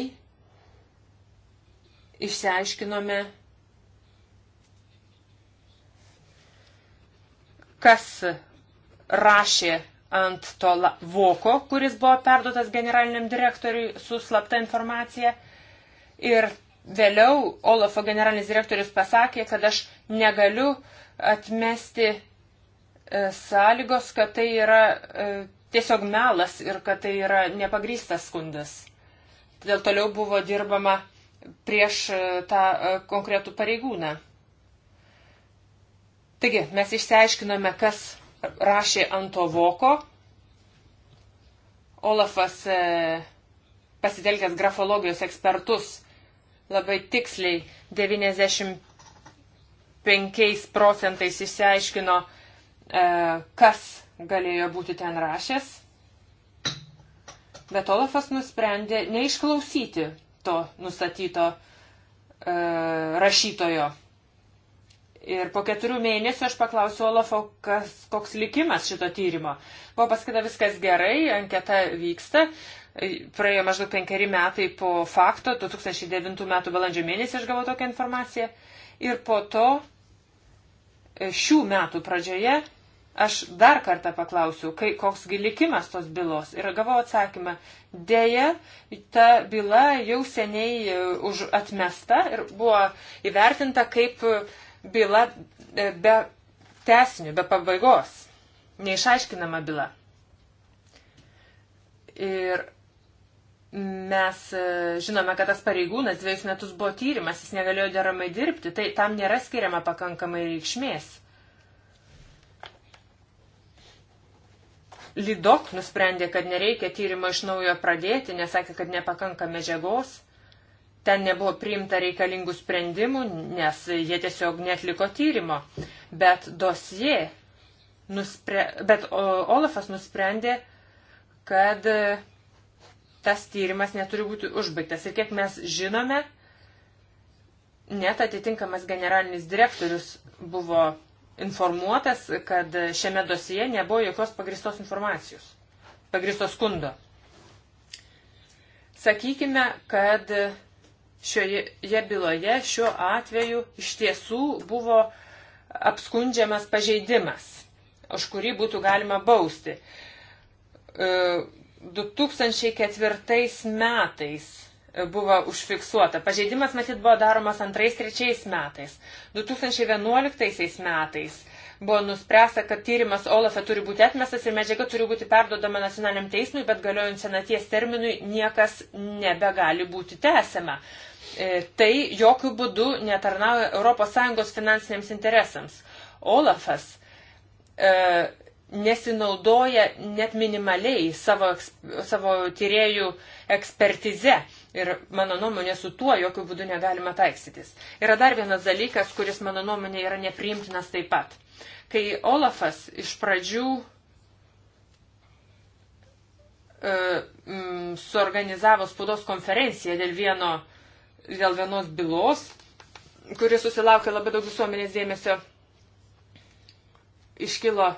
A: išsiaiškinome kas rašė ant to voko, kuris buvo perduotas generaliniam direktoriui su slapta informacija. Ir vėliau Olafo generalinis direktorius pasakė, kad aš negaliu atmesti e, sąlygos, kad tai yra e, tiesiog melas ir kad tai yra nepagrystas skundas. Todėl toliau buvo dirbama prieš e, tą e, konkretų pareigūną. Taigi, mes išsiaiškinome, kas rašė ant to voko. Olafas e, pasitelkęs grafologijos ekspertus labai tiksliai 95 procentais išsiaiškino, e, kas galėjo būti ten rašęs. Bet Olafas nusprendė neišklausyti to nustatyto e, rašytojo Ir po keturių mėnesių aš paklausiau Olafo, kas, koks likimas šito tyrimo. Buvo pasakyta viskas gerai, anketa vyksta. Praėjo maždaug penkeri metai po fakto, 2009 metų balandžio mėnesį aš gavau tokią informaciją. Ir po to e, šių metų pradžioje aš dar kartą paklausiau, kai, koksgi likimas tos bylos. Ir gavau atsakymą, dėja, ta byla jau seniai e, už atmesta ir buvo įvertinta kaip uh, byla e, be tesinių, be pabaigos, neišaiškinama byla. Ir mes e, žinome, kad tas pareigūnas dviejus metus buvo tyrimas, jis negalėjo deramai dirbti, tai tam nėra skiriama pakankamai reikšmės. Lidok nusprendė, kad nereikia tyrimo iš naujo pradėti, nesakė, kad nepakanka medžiagos ten nebuvo priimta reikalingų sprendimų, nes jie tiesiog netliko tyrimo. Bet dosie, nuspre, bet Olafas nusprendė, kad e, tas tyrimas neturi būti užbaigtas. Ir kiek mes žinome, net atitinkamas generalinis direktorius buvo informuotas, kad šiame dosie nebuvo jokios pagristos informacijos, pagristos skundo. Sakykime, kad šioje byloje šiuo atveju iš tiesų buvo apskundžiamas pažeidimas, už kurį būtų galima bausti. 2004 e, metais buvo užfiksuota. Pažeidimas matyt buvo daromas antrais, trečiais metais. 2011 metais buvo nuspręsta, kad tyrimas Olafe turi būti atmestas ir medžiaga turi būti perdodama nacionaliniam teismui, bet galiojant senaties terminui niekas nebegali būti tęsiama. E, tai jokių būdų netarnauja ES finansiniams interesams. Olafas e, nesinaudoja net minimaliai savo, savo tyriejų ekspertize. Ir mano nuomonė su tuo jokių būdų negalima taikstytis. Yra dar vienas dalykas, kuris mano nuomonė yra nepriimtinas taip pat kai Olafas iš pradžių e, suorganizavo spaudos konferenciją dėl, vieno, dėl vienos bylos, kuri susilaukė labai daug visuomenės dėmesio, iškilo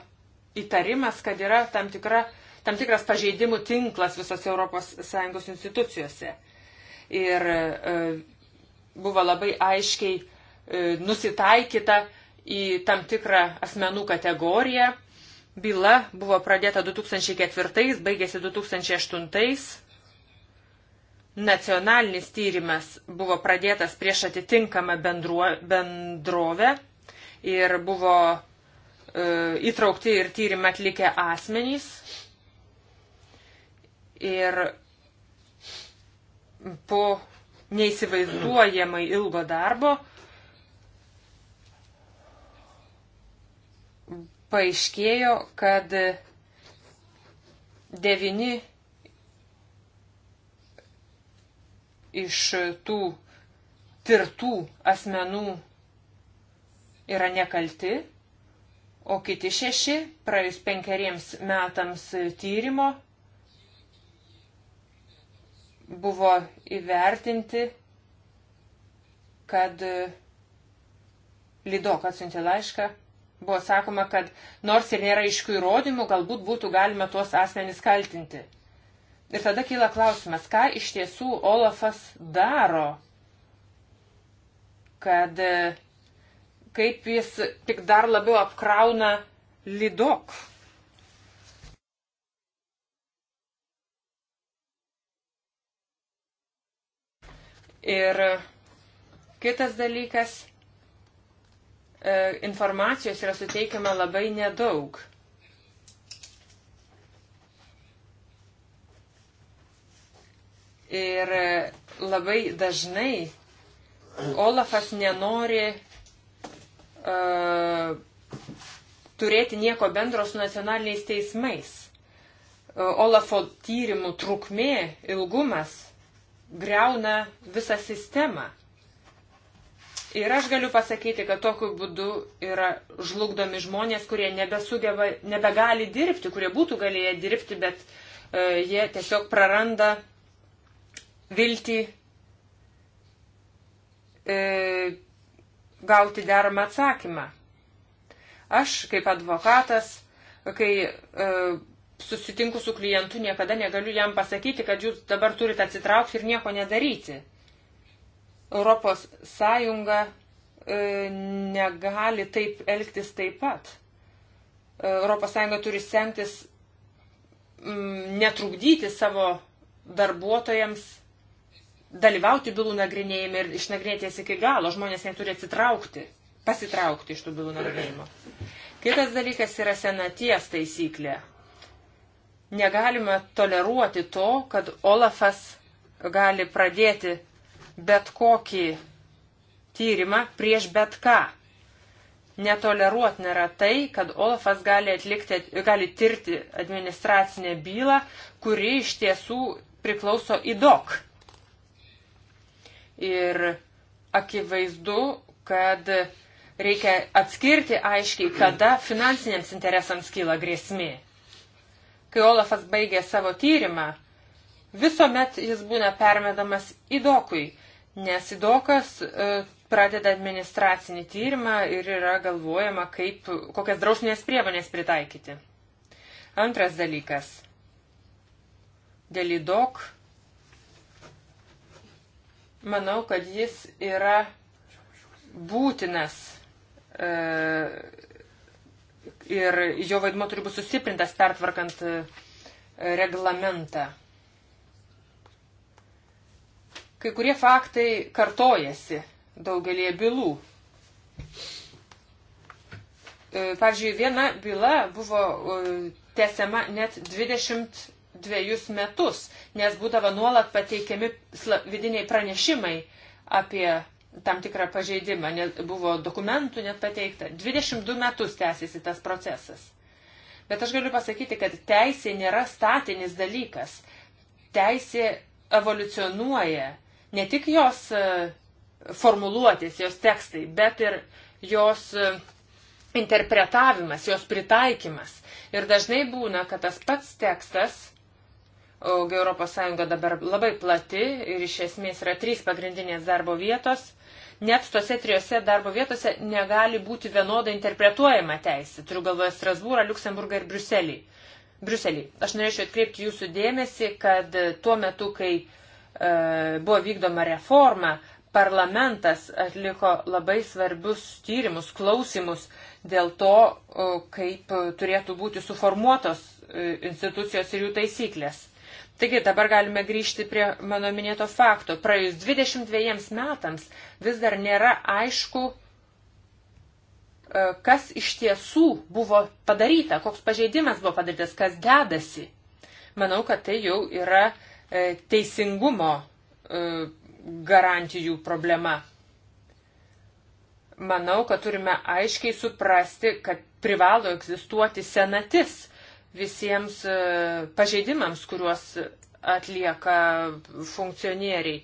A: įtarimas, kad yra tam, tikra, tam tikras pažeidimų tinklas visose ES institucijose. Ir e, buvo labai aiškiai e, nusitaikyta į tam tikrą asmenų kategoriją. Byla buvo pradėta 2004, baigėsi 2008. Nacionalinis tyrimas buvo pradėtas prieš atitinkamą bendruo, bendrovę ir buvo e, įtraukti ir tyrimą atlikę asmenys. Ir po neįsivaizduojamai ilgo darbo paaiškėjo, kad devini iš tų tirtų asmenų yra nekalti, o kiti šeši praėjus penkeriems metams tyrimo buvo įvertinti, kad Lidok atsiuntė laišką buvo sakoma, kad nors ir nėra iškių įrodymų, galbūt būtų galima tuos asmenys kaltinti. Ir tada kyla klausimas, ką iš tiesų Olafas daro, kad e, kaip jis tik dar labiau apkrauna lidok. Ir kitas dalykas E, informacijos yra suteikiama labai nedaug. Ir labai dažnai Olafas nenori uh, turėti nieko bendro su nacionaliniais teismais. E, Olafo tyrimų trukmė, ilgumas greuna visą sistemą. Ir aš galiu pasakyti, kad tokiu būdu yra žlugdomi žmonės, kurie nebesugeba, nebegali dirbti, kurie būtų galėję dirbti, bet e, jie tiesiog praranda viltį e, gauti deramą atsakymą. Aš kaip advokatas, kai e, susitinku su klientu, niekada negaliu jam pasakyti, kad jūs dabar turite atsitraukti ir nieko nedaryti Europos Sąjunga e, negali taip elgtis taip pat. E, Europos Sąjunga turi stengtis mm, netrukdyti savo darbuotojams dalyvauti bylų nagrinėjime ir išnagrinėti jas iki galo. Žmonės neturi atsitraukti, pasitraukti iš tų bylų nagrinėjimo. Kitas dalykas yra senaties taisyklė. Negalima toleruoti to, kad Olafas gali pradėti bet kokį tyrimą prieš bet ką. Netoleruotina yra tai, kad Olafas gali, atlikti, gali tirti administracinę bylą, kuri iš tiesų priklauso įdok. Ir akivaizdu, kad reikia atskirti aiškiai, kada finansiniams interesams kyla grėsmė. Kai Olafas baigė savo tyrimą, visuomet jis būna permedamas įdokui Nes įdokas e, pradeda administracinį tyrimą ir yra galvojama, kaip, kokias drausminės priemonės pritaikyti. Antras dalykas. Dėl įdok, manau, kad jis yra būtinas e, ir jo vaidmo turi būti sustiprintas pertvarkant e, reglamentą. Kai kurie faktai kartojasi daugelie bylų. E, pavyzdžiui, viena byla buvo e, tęsiama net 22 metus, nes būdavo nuolat pateikiami vidiniai pranešimai apie tam tikrą pažeidimą, net buvo dokumentų net pateikta. 22 metus tęsiasi tas procesas. Bet aš galiu pasakyti, kad teisė nėra statinis dalykas. Teisė evoliucionuoja, Ne tik jos e, formuluotės, jos tekstai, bet ir jos e, interpretavimas, jos pritaikymas. Ir dažnai būna, kad tas pats tekstas, augi ES dabar labai plati ir iš esmės yra trys pagrindinės darbo vietos, net tose trijose darbo vietose negali būti vienodai interpretuojama teisė. Turiu galvoje Strasbūrą, Luksemburgą ir Briuselį. Briuselį. Aš norėčiau atkreipti jūsų dėmesį, kad tuo metu, kai E, buvo vykdoma reforma, parlamentas atliko labai svarbius tyrimus, klausimus dėl to, e, kaip turėtų būti suformuotos e, institucijos ir jų taisyklės. Taigi dabar galime grįžti prie mano minėto fakto. Praėjus 22 metams vis dar nėra aišku, kas iš tiesų buvo padaryta, koks pažeidimas buvo padarytas, kas dedasi. Manau, kad tai jau yra uh, E, teisingumo e, garantijų problema. Manau, kad turime aiškiai suprasti, kad privalo egzistuoti senatis visiems e, pažeidimams, kuriuos atlieka funkcionieriai.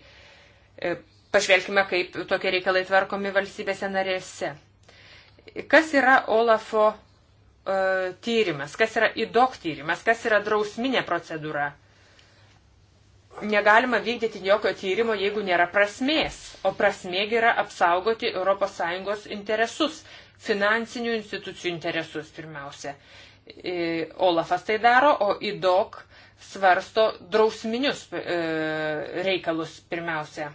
A: Pažvelkime, kaip tokie reikalai tvarkomi valstybėse narėse. Kas yra Olafo tyrimas, kas yra įdok tyrimas, kas yra drausminė procedūra? negalima vykdyti jokio tyrimo, jeigu nėra prasmės. O prasmėgi yra apsaugoti ES interesus, finansinių institucijų interesus pirmiausia. E, Olafas tai daro, o IDOK svarsto drausminius e, reikalus pirmiausia.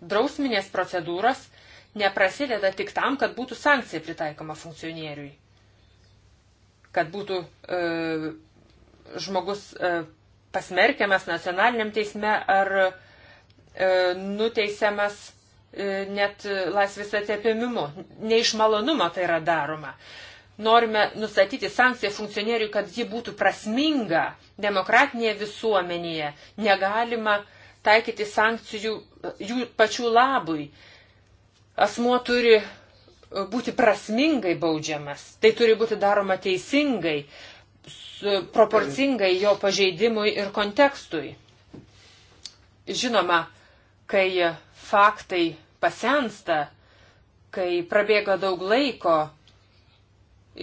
A: Drausminės procedūros neprasideda tik tam, kad būtų sankcija pritaikoma funkcionieriui. Kad būtų e, žmogus e, pasmerkiamas nacionaliniam teisme ar e, nuteisiamas e, net laisvės atėpimimu. Ne iš malonumo tai yra daroma. Norime nustatyti sankciją funkcionieriui, kad ji būtų prasminga demokratinėje visuomenėje. Negalima taikyti sankcijų e, jų pačių labui. Asmuo turi e, būti prasmingai baudžiamas. Tai turi būti daroma teisingai proporcingai jo pažeidimui ir kontekstui. Žinoma, kai faktai pasensta, kai prabėga daug laiko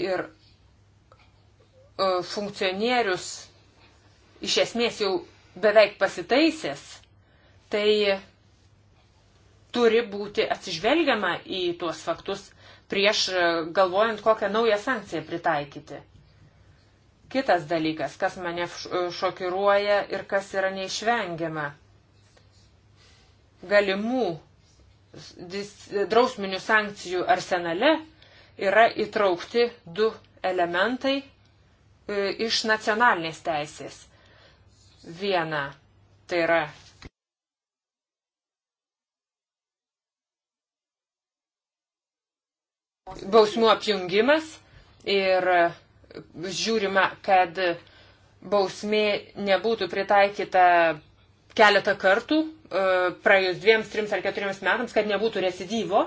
A: ir e, funkcionierius iš esmės jau beveik pasitaisęs, tai turi būti atsižvelgiama į tuos faktus prieš e, galvojant, kokią naują sankciją pritaikyti. Kitas dalykas, kas mane šokiruoja ir kas yra neišvengiama. Galimų drausminių sankcijų arsenale yra įtraukti du elementai e, iš nacionalinės teisės. Viena tai yra bausmų apjungimas ir žiūrima, kad bausmė nebūtų pritaikyta keletą kartų, e, praėjus dviems, trims ar keturiems metams, kad nebūtų residyvo.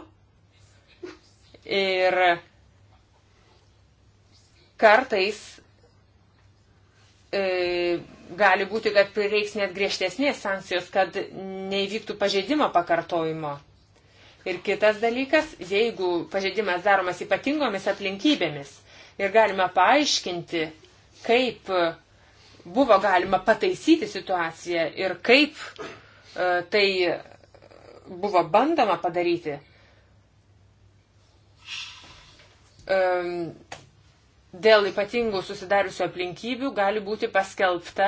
A: Ir kartais e, gali būti, kad prireiks net griežtesnės sankcijos, kad neįvyktų pažeidimo pakartojimo. Ir kitas dalykas, jeigu pažeidimas daromas ypatingomis aplinkybėmis, ir galime paaiškinti, kaip e, buvo galima pataisyti situaciją ir kaip e, tai buvo bandoma padaryti. Dėl ypatingų susidariusių aplinkybių gali būti paskelbta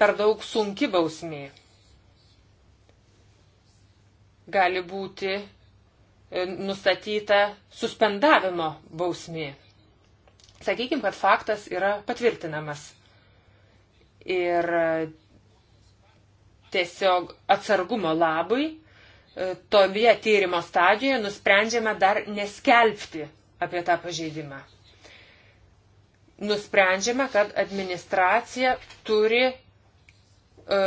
A: per daug sunki bausmė. Gali būti e, nustatyta suspendavimo bausmė. Sakykime, kad faktas yra patvirtinamas. Ir tiesiog atsargumo labui e, toje tyrimo stadijoje nusprendžiame dar neskelbti apie tą pažeidimą. Nusprendžiame, kad administracija turi uh, e,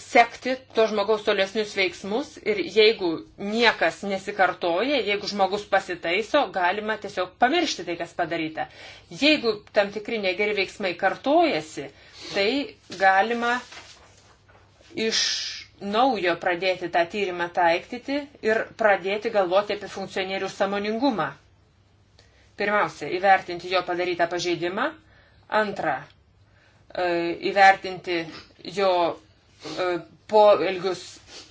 A: sekti to žmogaus tolesnius veiksmus ir jeigu niekas nesikartoja, jeigu žmogus pasitaiso, galima tiesiog pamiršti tai, kas padaryta. Jeigu tam tikri negeri veiksmai kartojasi, tai galima iš naujo pradėti tą tyrimą taikyti ir pradėti galvoti apie funkcionierių samoningumą. Pirmiausia, įvertinti jo padarytą pažeidimą. Antra, e, įvertinti jo E, poelgius,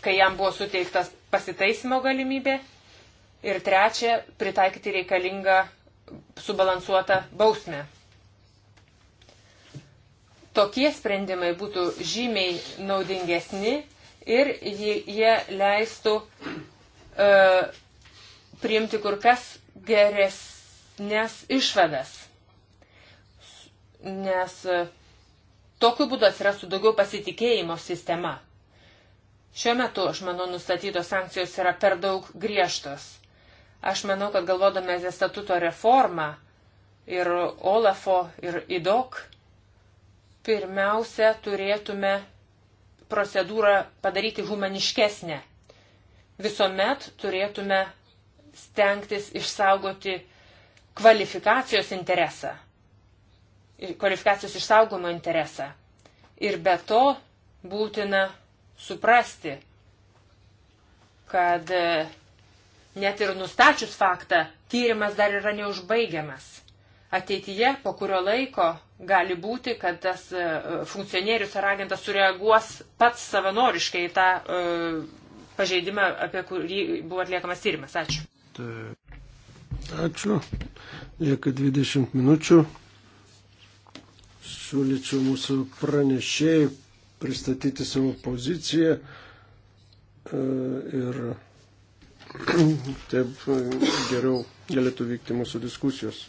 A: kai jam buvo suteiktas pasitaisimo galimybė. Ir trečia, pritaikyti reikalingą subalansuotą bausmę. Tokie sprendimai būtų žymiai naudingesni ir jie leistų uh, priimti kur kas geresnės išvadas. Nes uh, Tokiu būdu atsirastų daugiau pasitikėjimo sistema. Šiuo metu, aš manau, nustatytos sankcijos yra per daug griežtos. Aš manau, kad galvodami apie statuto reformą ir Olafo ir IDOK, pirmiausia turėtume procedūrą padaryti humaniškesnę. Visuomet turėtume stengtis išsaugoti kvalifikacijos interesą kvalifikacijos išsaugomo interesą. Ir be to būtina suprasti, kad e, net ir nustačius faktą, tyrimas dar yra neužbaigiamas. Ateityje, po kurio laiko, gali būti, kad tas e, funkcionierius ar agentas sureaguos pats savanoriškai į tą uh, pažeidimą, apie kurį buvo atliekamas tyrimas. Ačiū.
C: Ačiū. Lieka 20 minučių siūlyčiau mūsų pranešėjai pristatyti savo poziciją e, ir taip e, geriau galėtų vykti mūsų diskusijos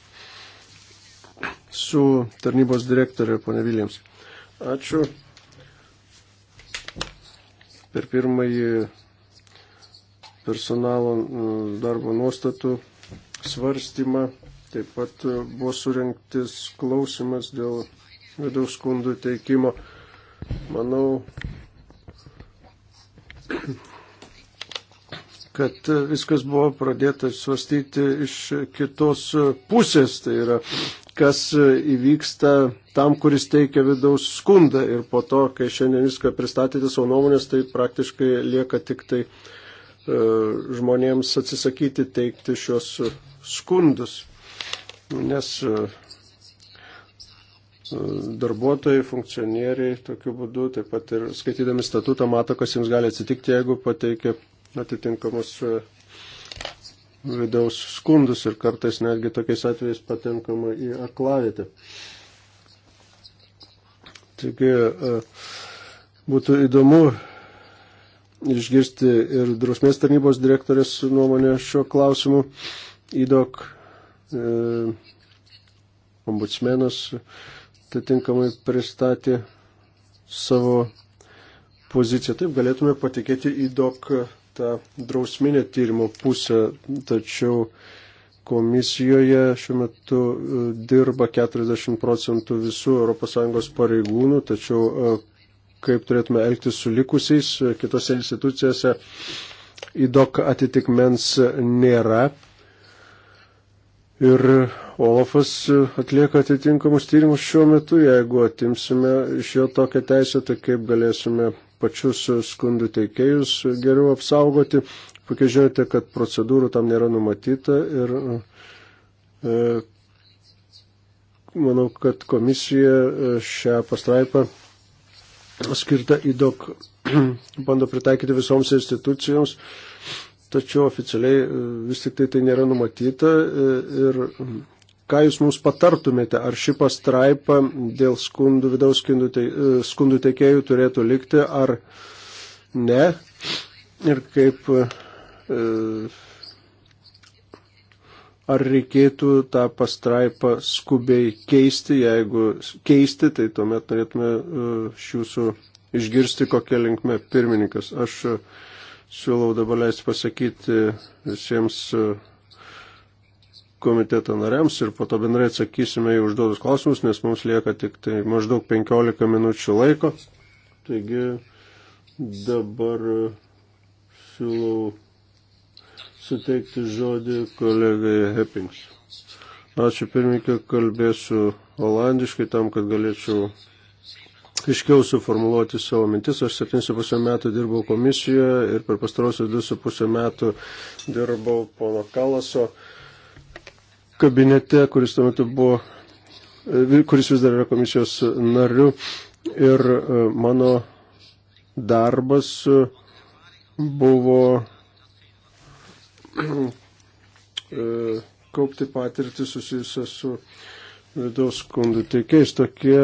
C: su tarnybos direktorė ponė Viljams. Ačiū. Per pirmąjį personalo e, darbo nuostatų svarstymą taip pat buvo surinktis klausimas dėl vidaus skundų teikimo. Manau, kad viskas buvo pradėta svarstyti iš kitos pusės, tai yra, kas įvyksta tam, kuris teikia vidaus skundą ir po to, kai šiandien viską pristatėte savo nuomonės, tai praktiškai lieka tik tai e, žmonėms atsisakyti teikti šios skundus, nes e, darbuotojai, funkcionieriai tokiu būdu, taip pat ir skaitydami statutą mato, kas jums gali atsitikti, jeigu pateikia atitinkamus e, vidaus skundus ir kartais netgi tokiais atvejais patenkama į aklavietę. Taigi e, būtų įdomu išgirsti ir drausmės tarnybos direktorės nuomonę šiuo klausimu. Įdok e, ombudsmenas. E, atitinkamai pristatė savo poziciją. Taip galėtume patikėti į dok tą drausminę tyrimo pusę, tačiau komisijoje šiuo metu e, dirba 40 procentų visų ES pareigūnų, tačiau e, kaip turėtume elgtis su likusiais e, kitose institucijose, įdok atitikmens nėra. Ir Olafas atlieka atitinkamus tyrimus šiuo metu, jeigu atimsime iš jo tokią teisę, tai kaip galėsime pačius skundų teikėjus geriau apsaugoti. Puikiai žinote, kad procedūrų tam nėra numatyta ir e, manau, kad komisija e, šią pastraipą skirtą įdok bando pritaikyti visoms institucijoms. E, tačiau oficialiai e, vis tik tai tai nėra numatyta. E, ir ką jūs mums patartumėte, ar ši pastraipa dėl skundų, vidaus skundų teikėjų e, turėtų likti, ar ne? Ir kaip. Ar reikėtų tą pastraipą skubiai keisti, jeigu keisti, tai tuomet norėtume iš jūsų išgirsti, kokia linkme pirmininkas. Aš uh, siūlau dabar leisti pasakyti visiems e, komiteto nariams ir po to bendrai atsakysime į užduotus klausimus, nes mums lieka tik tai maždaug 15 minučių laiko. Taigi dabar e, siūlau suteikti žodį kolegai Hepings. Ačiū pirmininkai, kalbėsiu olandiškai tam, kad galėčiau aiškiau suformuoluoti savo mintis. Aš 7,5 metų dirbau komisijoje ir per pastarosius 2,5 metų dirbau pono Kalaso kabinete, kuris tuo metu buvo, e, kuris vis dar yra komisijos nariu. Ir e, mano darbas e, buvo kaupti patirtį susijusią su uh, vidaus skundų teikėjais. Tokie,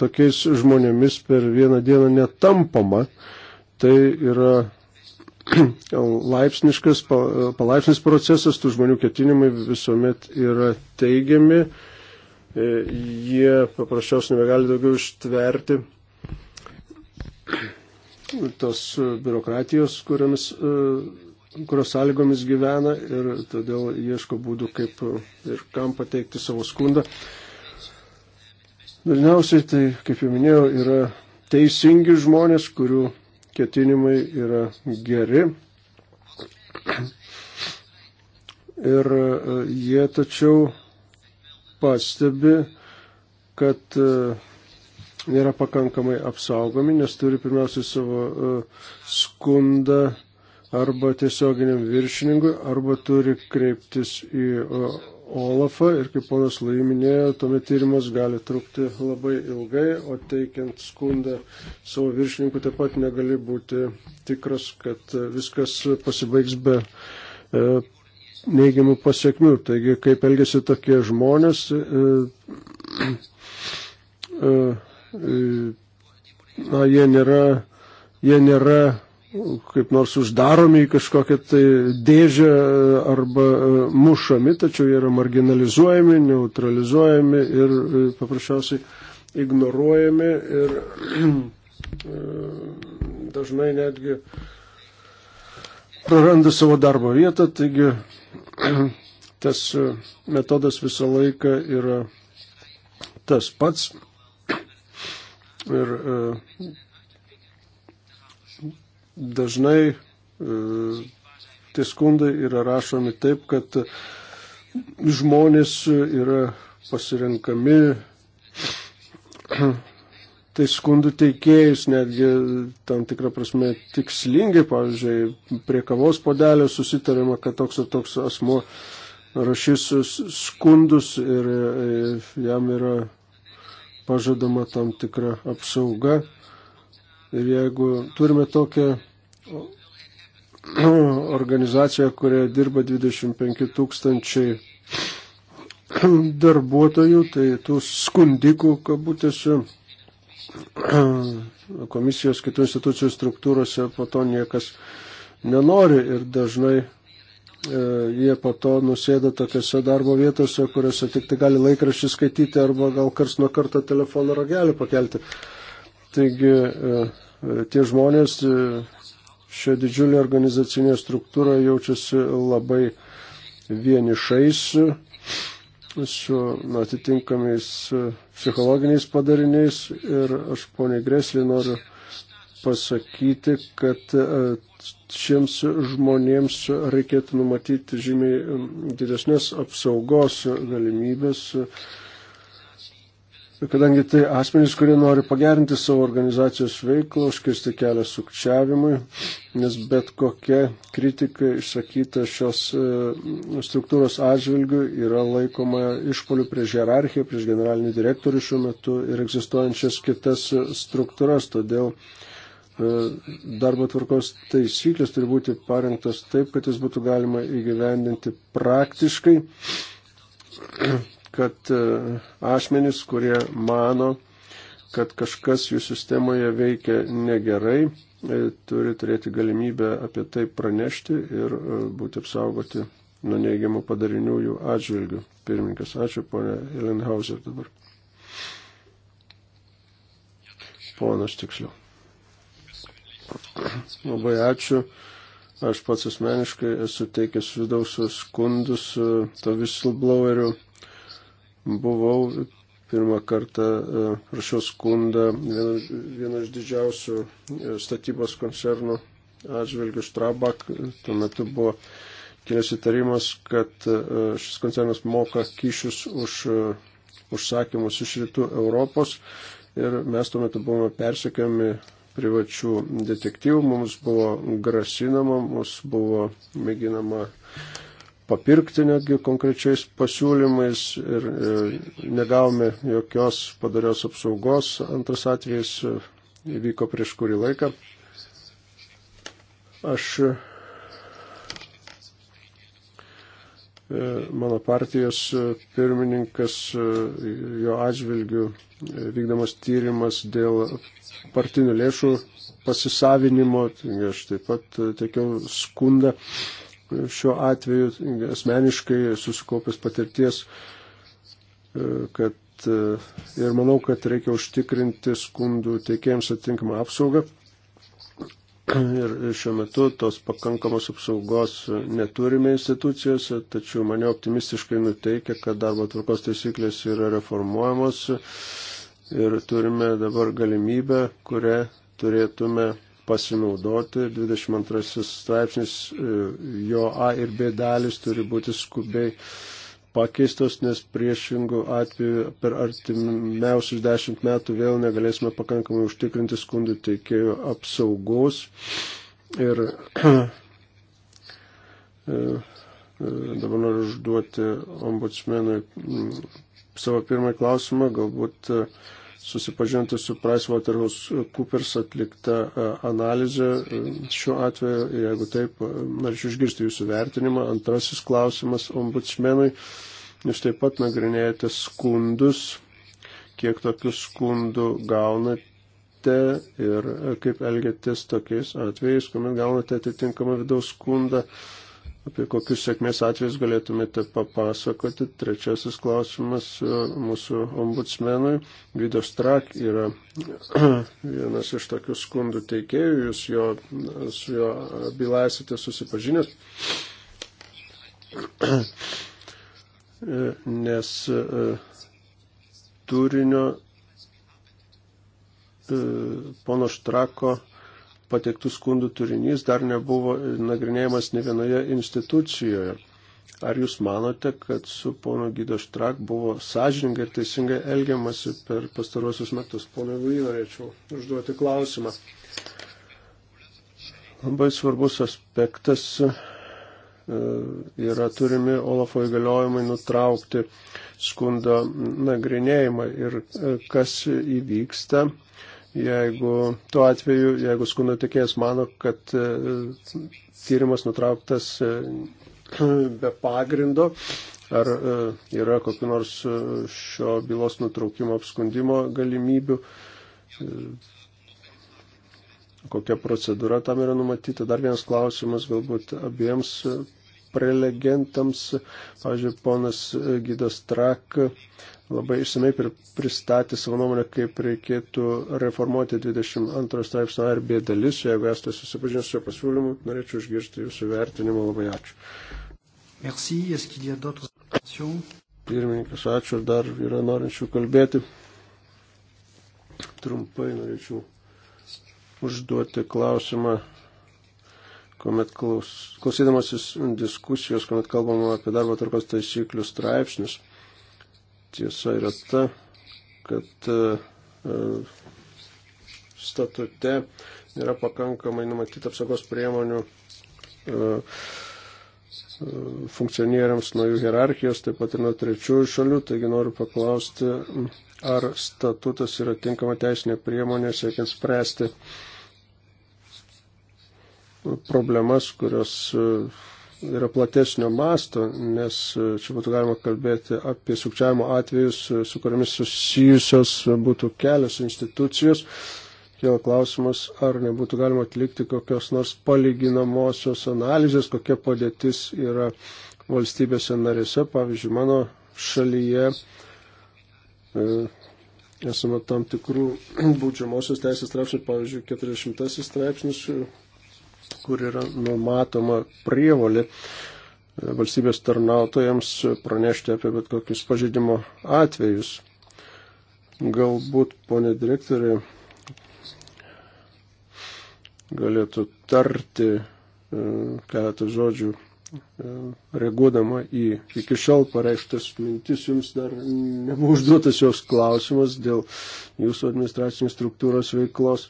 C: tokiais žmonėmis per vieną dieną netampama. Tai yra laipsniškas, palaipsnis procesas, tų žmonių ketinimai visuomet yra teigiami. E, jie paprasčiausiai nebegali daugiau ištverti tos biurokratijos, kuriamis e, kurios sąlygomis gyvena ir todėl ieško būdų, kaip ir kam pateikti savo skundą. Dažniausiai tai, kaip jau minėjau, yra teisingi žmonės, kurių ketinimai yra geri. Ir e, jie tačiau pastebi, kad e, nėra pakankamai apsaugomi, nes turi pirmiausiai savo e, skundą arba tiesioginiam viršininkui, arba turi kreiptis į Olafą ir kaip ponas Lai minėjo, tuomet tyrimas gali trukti labai ilgai, o teikiant skundą savo viršininkui taip pat negali būti tikras, kad viskas pasibaigs be e, neigiamų pasiekmių. Taigi, kaip elgesi tokie žmonės, e, e, e na, jie nėra, jie nėra kaip nors uždaromi į kažkokią tai dėžę e, arba e, mušami, tačiau jie yra marginalizuojami, neutralizuojami ir e, paprasčiausiai ignoruojami ir dažnai netgi praranda savo darbo vietą, taigi tas metodas visą laiką yra tas pats. Ir dažnai e, tie skundai yra rašomi taip, kad žmonės yra pasirenkami tai skundų teikėjus netgi tam tikrą prasme tikslingai, pavyzdžiui, prie kavos podelio susitarima, kad toks ir toks asmo rašys skundus ir e, jam yra pažadama tam tikra apsauga. Ir jeigu turime tokią organizaciją, kurioje dirba 25 tūkstančiai darbuotojų, tai tų skundikų, kabutėsiu, komisijos kitų institucijų struktūrose po to niekas nenori ir dažnai e, jie po to nusėda tokiuose darbo vietose, kuriuose tik tai gali laikraščių skaityti arba gal kars nuo karto telefono ragelį pakelti. Taigi e, tie žmonės e, šią didžiulę organizacinę struktūrą jaučiasi labai vienišais su atitinkamais e, psichologiniais padariniais ir aš poniai Greslį noriu pasakyti, kad e, šiems žmonėms reikėtų numatyti žymiai didesnės apsaugos galimybės kadangi tai asmenys, kurie nori pagerinti savo organizacijos veiklą, užkirsti kelią sukčiavimui, nes bet kokia kritika išsakyta šios e, struktūros atžvilgių yra laikoma išpoliu prieš hierarchiją, prieš generalinį direktorių šiuo metu ir egzistuojančias kitas struktūras. Todėl e, darbo tvarkos taisyklės turi būti parengtos taip, kad jas būtų galima įgyvendinti praktiškai kad e, asmenys, kurie mano, kad kažkas jų sistemoje veikia negerai, e, turi turėti galimybę apie tai pranešti ir e, būti apsaugoti nuo neigiamų padarinių jų atžvilgių. Pirmininkas, ačiū ponė Elenhauser dabar. Ponas tiksliau. Labai ačiū. Aš pats asmeniškai esu teikęs vidaus skundus to whistleblowerių buvau pirmą kartą e, rašiau skundą vieno iš didžiausių e, statybos koncernų atžvilgių Štrabak. Tuo metu buvo kilęs įtarimas, kad e, šis koncernas moka kyšius už užsakymus iš rytų Europos ir mes tuo metu buvome persekiami privačių detektyvų, mums buvo grasinama, mums buvo mėginama papirkti netgi konkrečiais pasiūlymais ir e, negavome jokios padarios apsaugos. Antras atvejis e, įvyko prieš kurį laiką. Aš e, mano partijos pirmininkas, jo atžvilgių vykdamas tyrimas dėl partinių lėšų pasisavinimo, aš taip pat tiekiau skundą šiuo atveju asmeniškai susikopęs patirties, e, kad e, ir manau, kad reikia užtikrinti skundų teikėjams atitinkamą apsaugą. Ir šiuo metu tos pakankamos apsaugos neturime institucijose, tačiau mane optimistiškai nuteikia, kad darbo tvarkos taisyklės yra reformuojamos ir turime dabar galimybę, kurią turėtume pasinaudoti. 22 straipsnis, e, jo A ir B dalis turi būti skubiai pakeistos, nes priešingų atveju per artimiausius dešimt metų vėl negalėsime pakankamai užtikrinti skundų teikėjų apsaugos. Ir e, e, dabar noriu užduoti ombudsmenui mm, savo pirmąjį klausimą, galbūt uh, susipažinti su PricewaterhouseCoopers atlikta e, analizė e, šiuo atveju, jeigu taip, e, norėčiau išgirsti jūsų vertinimą. Antrasis klausimas ombudsmenui. Jūs taip pat nagrinėjate skundus, kiek tokių skundų gaunate ir kaip elgiatės tokiais atvejais, kuomet gaunate atitinkamą vidaus skundą. Uh, Apie kokius sėkmės atvejus galėtumėte papasakoti? Trečiasis klausimas e, mūsų ombudsmenui. Gvido Strak yra vienas iš tokių skundų teikėjų, jūs jo, su jo byla esate susipažinęs, e, nes e, turinio pono Štrako pateiktų skundų turinys dar nebuvo nagrinėjamas ne vienoje institucijoje. Ar jūs manote, kad su pono Gydo Štrak buvo sąžininkai ir teisingai elgiamasi per pastaruosius metus? Pone Lui, norėčiau užduoti klausimą. Labai svarbus aspektas e, yra turimi Olafo įgaliojimai nutraukti skundo nagrinėjimą ir e, kas įvyksta jeigu tuo atveju, jeigu skundo tikėjas mano, kad e, tyrimas nutrauktas e, be pagrindo, ar e, yra kokiu nors šio bylos nutraukimo apskundimo galimybių, kokia procedūra tam yra numatyta. Dar vienas klausimas galbūt abiems prelegentams. Pavyzdžiui, ponas Gydas Trak labai išsamei pristatė savo nuomonę, kaip reikėtų reformuoti 22 straipsnio ar B dalis. Jeigu esate susipažinę su šio pasiūlymu, norėčiau išgirsti jūsų vertinimą. Labai ačiū. Merci. Est-ce qu'il y a d'autres questions Pirmininkas, ačiū. Dar yra norinčių kalbėti. Trumpai norėčiau užduoti klausimą kuomet klaus, klausydamasis diskusijos, kuomet kalbama apie darbo tvarkos taisyklių straipsnius, tiesa yra ta, kad uh, statute nėra pakankamai numatyti apsaugos priemonių uh, funkcionieriams nuo jų hierarchijos, taip pat ir nuo trečiųjų šalių. Taigi noriu paklausti, ar statutas yra tinkama teisinė priemonė siekiant spręsti uh, problemas, kurios e, yra platesnio masto, nes e, čia būtų galima kalbėti apie sukčiavimo atvejus, e, su kuriamis susijusios būtų kelios institucijos. Kėl klausimas, ar nebūtų galima atlikti kokios nors palyginamosios analizės, kokia padėtis yra valstybėse narėse. Pavyzdžiui, mano šalyje esame tam tikrų būdžiamosios teisės straipsnių, pavyzdžiui, 40 straipsnis, kur yra numatoma prievolė e, valstybės tarnautojams pranešti apie bet kokius pažeidimo atvejus. Galbūt, ponė direktorė, galėtų tarti e, keletą žodžių, e, reaguodama į iki šiol pareikštas mintis, jums dar nebuvo užduotas jos klausimas dėl jūsų administracinės struktūros veiklos.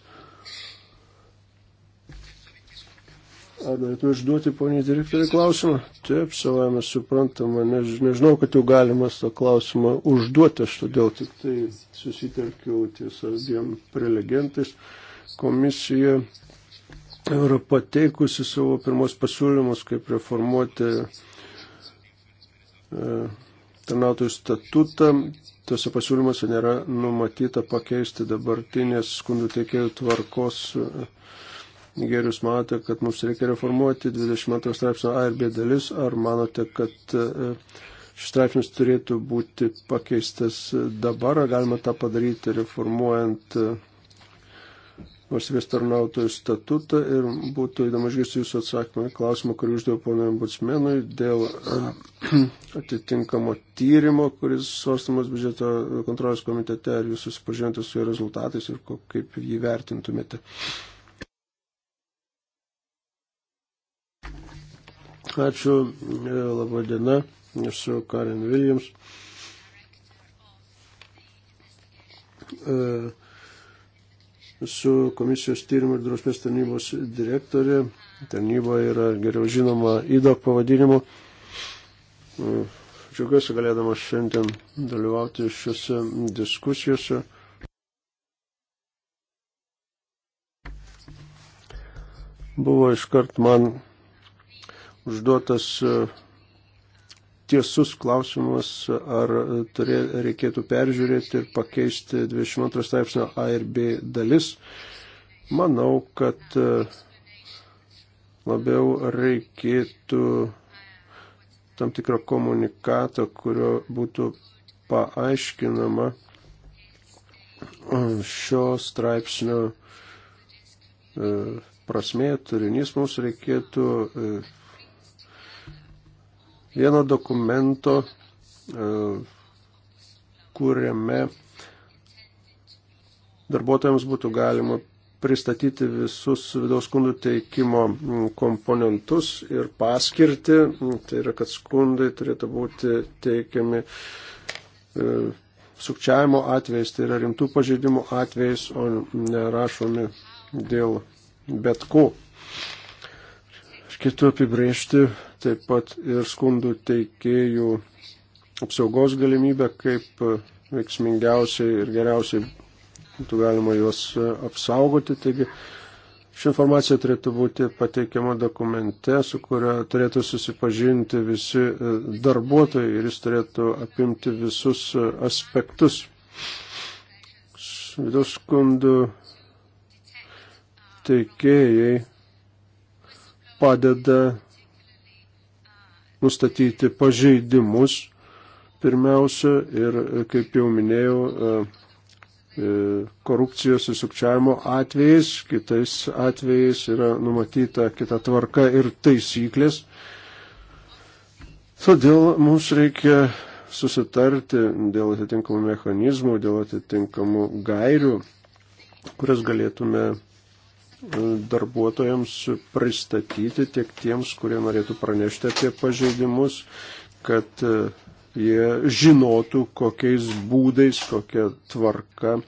C: Ar norėtume išduoti poniai direktoriai klausimą? Taip, savame suprantama, Než, nežinau, kad jau galima tą klausimą užduoti, aš todėl tik tai susitelkiau ties abiem prelegentais. Komisija yra pateikusi savo pirmos pasiūlymus, kaip reformuoti e, tarnautojų statutą. Tuose pasiūlymuose nėra numatyta pakeisti dabartinės skundų teikėjų tvarkos. E, Gerius matote, kad mums reikia reformuoti 22 straipsnio A ir B dalis, ar manote, kad e, šis straipsnis turėtų būti pakeistas dabar, ar galima tą padaryti reformuojant e, valstybės tarnautojų statutą ir būtų įdomu išgirsti jūsų atsakymą į klausimą, kurį uždėjau ponui ambutsmenui dėl e, atitinkamo tyrimo, kuris svarstamas biudžeto kontrolės komitete, ar jūs susipažinote su jo rezultatais ir kaip jį vertintumėte. Ačiū, e, laba diena, esu Karen Williams. E, Su komisijos tyrimų ir drausmės tarnybos direktorė. Tarnyba yra geriau žinoma įdok pavadinimu. E, džiaugiuosi galėdamas šiandien dalyvauti šiuose diskusijose. Buvo iškart man užduotas e, tiesus klausimas, ar turė, reikėtų peržiūrėti ir pakeisti 22 straipsnio A ir B dalis. Manau, kad e, labiau reikėtų tam tikro komunikato, kurio būtų paaiškinama šio straipsnio e, prasmė, turinys mums reikėtų vieno dokumento, e, kuriame darbuotojams būtų galima pristatyti visus vidaus skundų teikimo komponentus ir paskirti. Tai yra, kad skundai turėtų būti teikiami e, sukčiavimo atvejais, tai yra rimtų pažeidimų atvejais, o nerašomi dėl bet ko. Reikėtų apibrėžti taip pat ir skundų teikėjų apsaugos galimybę, kaip veiksmingiausiai ir geriausiai būtų galima juos e, apsaugoti. Taigi ši informacija turėtų būti pateikiama dokumente, su kuria turėtų susipažinti visi e, darbuotojai ir jis turėtų apimti visus e, aspektus. Vidaus skundų teikėjai padeda nustatyti pažeidimus pirmiausia ir, kaip jau minėjau, e, e, korupcijos įsukčiavimo atvejais, kitais atvejais yra numatyta kita tvarka ir taisyklės. Todėl mums reikia susitarti dėl atitinkamų mechanizmų, dėl atitinkamų gairių, kurias galėtume darbuotojams pristatyti tiek tiems, kurie norėtų pranešti apie pažeidimus, kad e, jie žinotų, kokiais būdais, kokia tvarka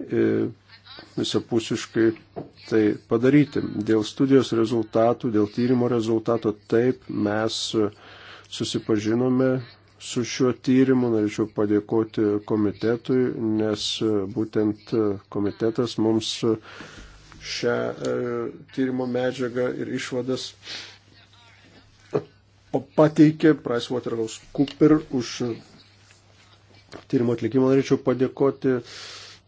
C: e, visapusiškai tai padaryti. Dėl studijos rezultatų, dėl tyrimo rezultato taip mes e, susipažinome su šiuo tyrimu. Norėčiau padėkoti komitetui, nes būtent komitetas mums šią e, tyrimo medžiagą ir išvadas pateikė PricewaterhouseCoopers už tyrimo atlikimą. Norėčiau padėkoti.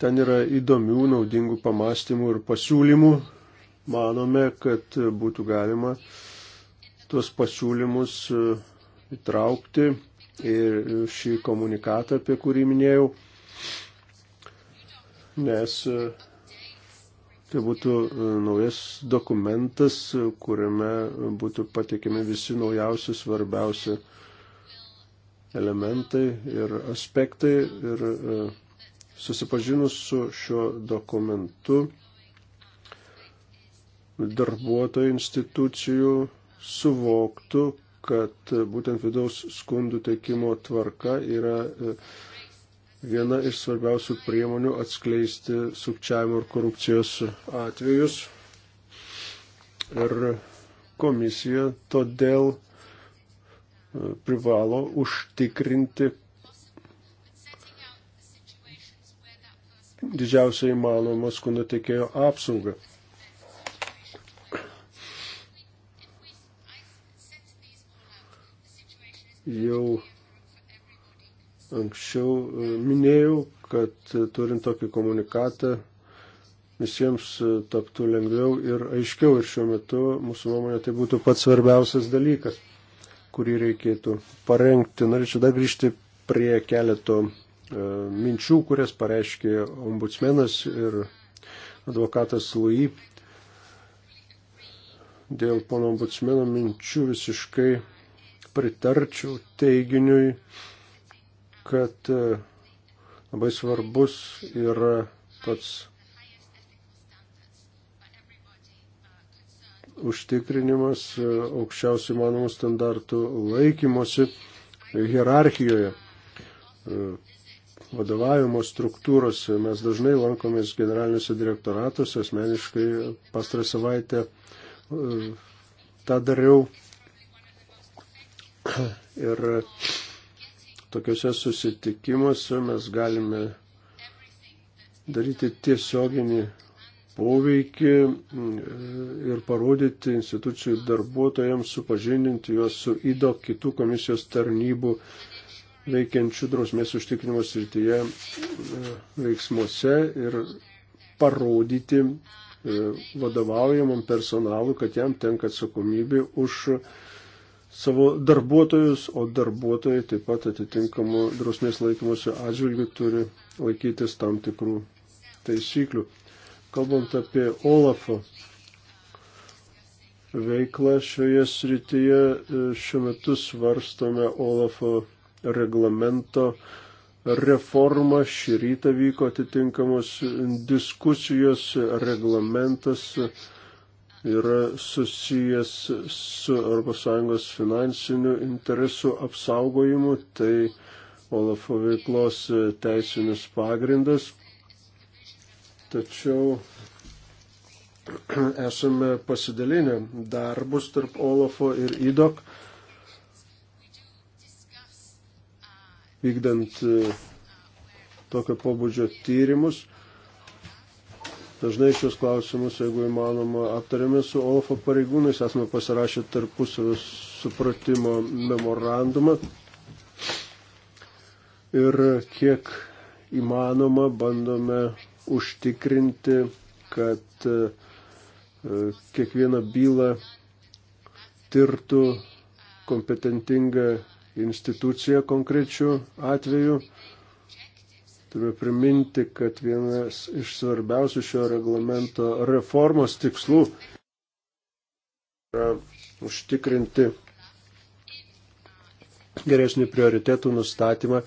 C: Ten yra įdomių, naudingų pamastymų ir pasiūlymų. Manome, kad būtų galima tuos pasiūlymus e, įtraukti ir šį komunikatą, apie kurį minėjau, nes e, Tai būtų e, naujas dokumentas, kuriame būtų pateikiami visi naujausi, svarbiausi elementai ir aspektai. Ir e, susipažinus su šiuo dokumentu, darbuotojų institucijų suvoktų, kad būtent vidaus skundų teikimo tvarka yra e, viena iš svarbiausių priemonių atskleisti sukčiavimo ir korupcijos atvejus. Ir komisija todėl e, privalo užtikrinti didžiausią įmanomą skundo tiekėjo apsaugą. Jau Anksčiau e, minėjau, kad e, turint tokį komunikatą visiems e, taptų lengviau ir aiškiau ir šiuo metu mūsų nuomonė tai būtų pats svarbiausias dalykas, kurį reikėtų parengti. Norėčiau dar grįžti prie keleto minčių, kurias pareiškė ombudsmenas ir advokatas Lui. Dėl pono ombudsmeno minčių visiškai pritarčiau teiginiui, kad e, labai svarbus yra pats užtikrinimas e, aukščiausių manomų standartų laikymosi hierarchijoje, e, vadovavimo struktūrose. Mes dažnai lankomės generaliniuose direktoratuose, asmeniškai pastarą savaitę tą dariau. Ir Tokiuose susitikimuose mes galime daryti tiesioginį poveikį e, ir parodyti institucijų darbuotojams, supažindinti juos su įdo kitų komisijos tarnybų veikiančių drausmės užtikrinimo srityje e, veiksmuose ir parodyti e, vadovaujamam personalui, kad jam tenka atsakomybė už savo darbuotojus, o darbuotojai taip pat atitinkamo drausmės laikymosi atžvilgių turi laikytis tam tikrų taisyklių. Kalbant apie Olafą veiklą šioje srityje, e, šiuo metu svarstome Olafo reglamento reforma. Šį rytą vyko atitinkamos diskusijos, reglamentas yra susijęs su ES finansiniu interesų apsaugojimu, tai Olafo veiklos teisinis pagrindas. Tačiau esame pasidalinę darbus tarp Olafo ir IDOK. vykdant tokio pobūdžio tyrimus. Dažnai šios klausimus, jeigu įmanoma, aptarėme su OLAFO pareigūnais, esame pasirašę tarpusavio supratimo memorandumą. Ir kiek įmanoma, bandome užtikrinti, kad e, kiekvieną bylą tirtų kompetentinga institucija konkrečių atveju Turime priminti, kad vienas iš svarbiausių šio reglamento reformos tikslų yra užtikrinti geresnį prioritetų nustatymą,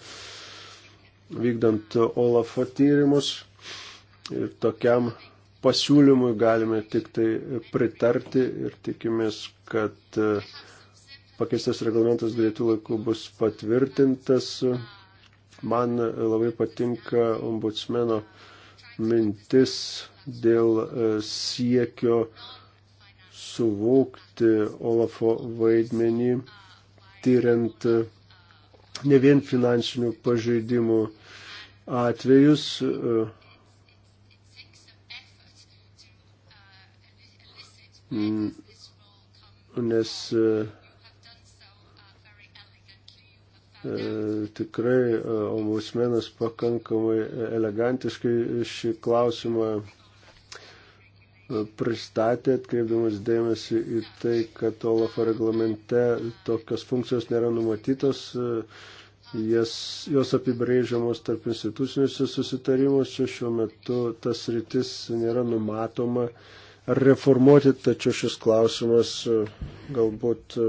C: vykdant OLAFO tyrimus. Ir tokiam pasiūlymui galime tik tai pritarti ir tikimės, kad e, pakeistas reglamentas greitų laikų bus patvirtintas. Man labai patinka ombudsmeno mintis dėl e, siekio suvokti Olafo vaidmenį, tyriant e, ne vien finansinių pažeidimų atvejus, e, nes E, tikrai e, ombudsmenas pakankamai elegantiškai šį klausimą e, pristatė, atkreipdamas dėmesį į tai, kad Olafo reglamente tokios funkcijos nėra numatytos, jas, jos apibrėžiamos tarp instituciniuose susitarimuose, šiuo metu tas rytis nėra numatoma ar reformuoti, tačiau šis klausimas galbūt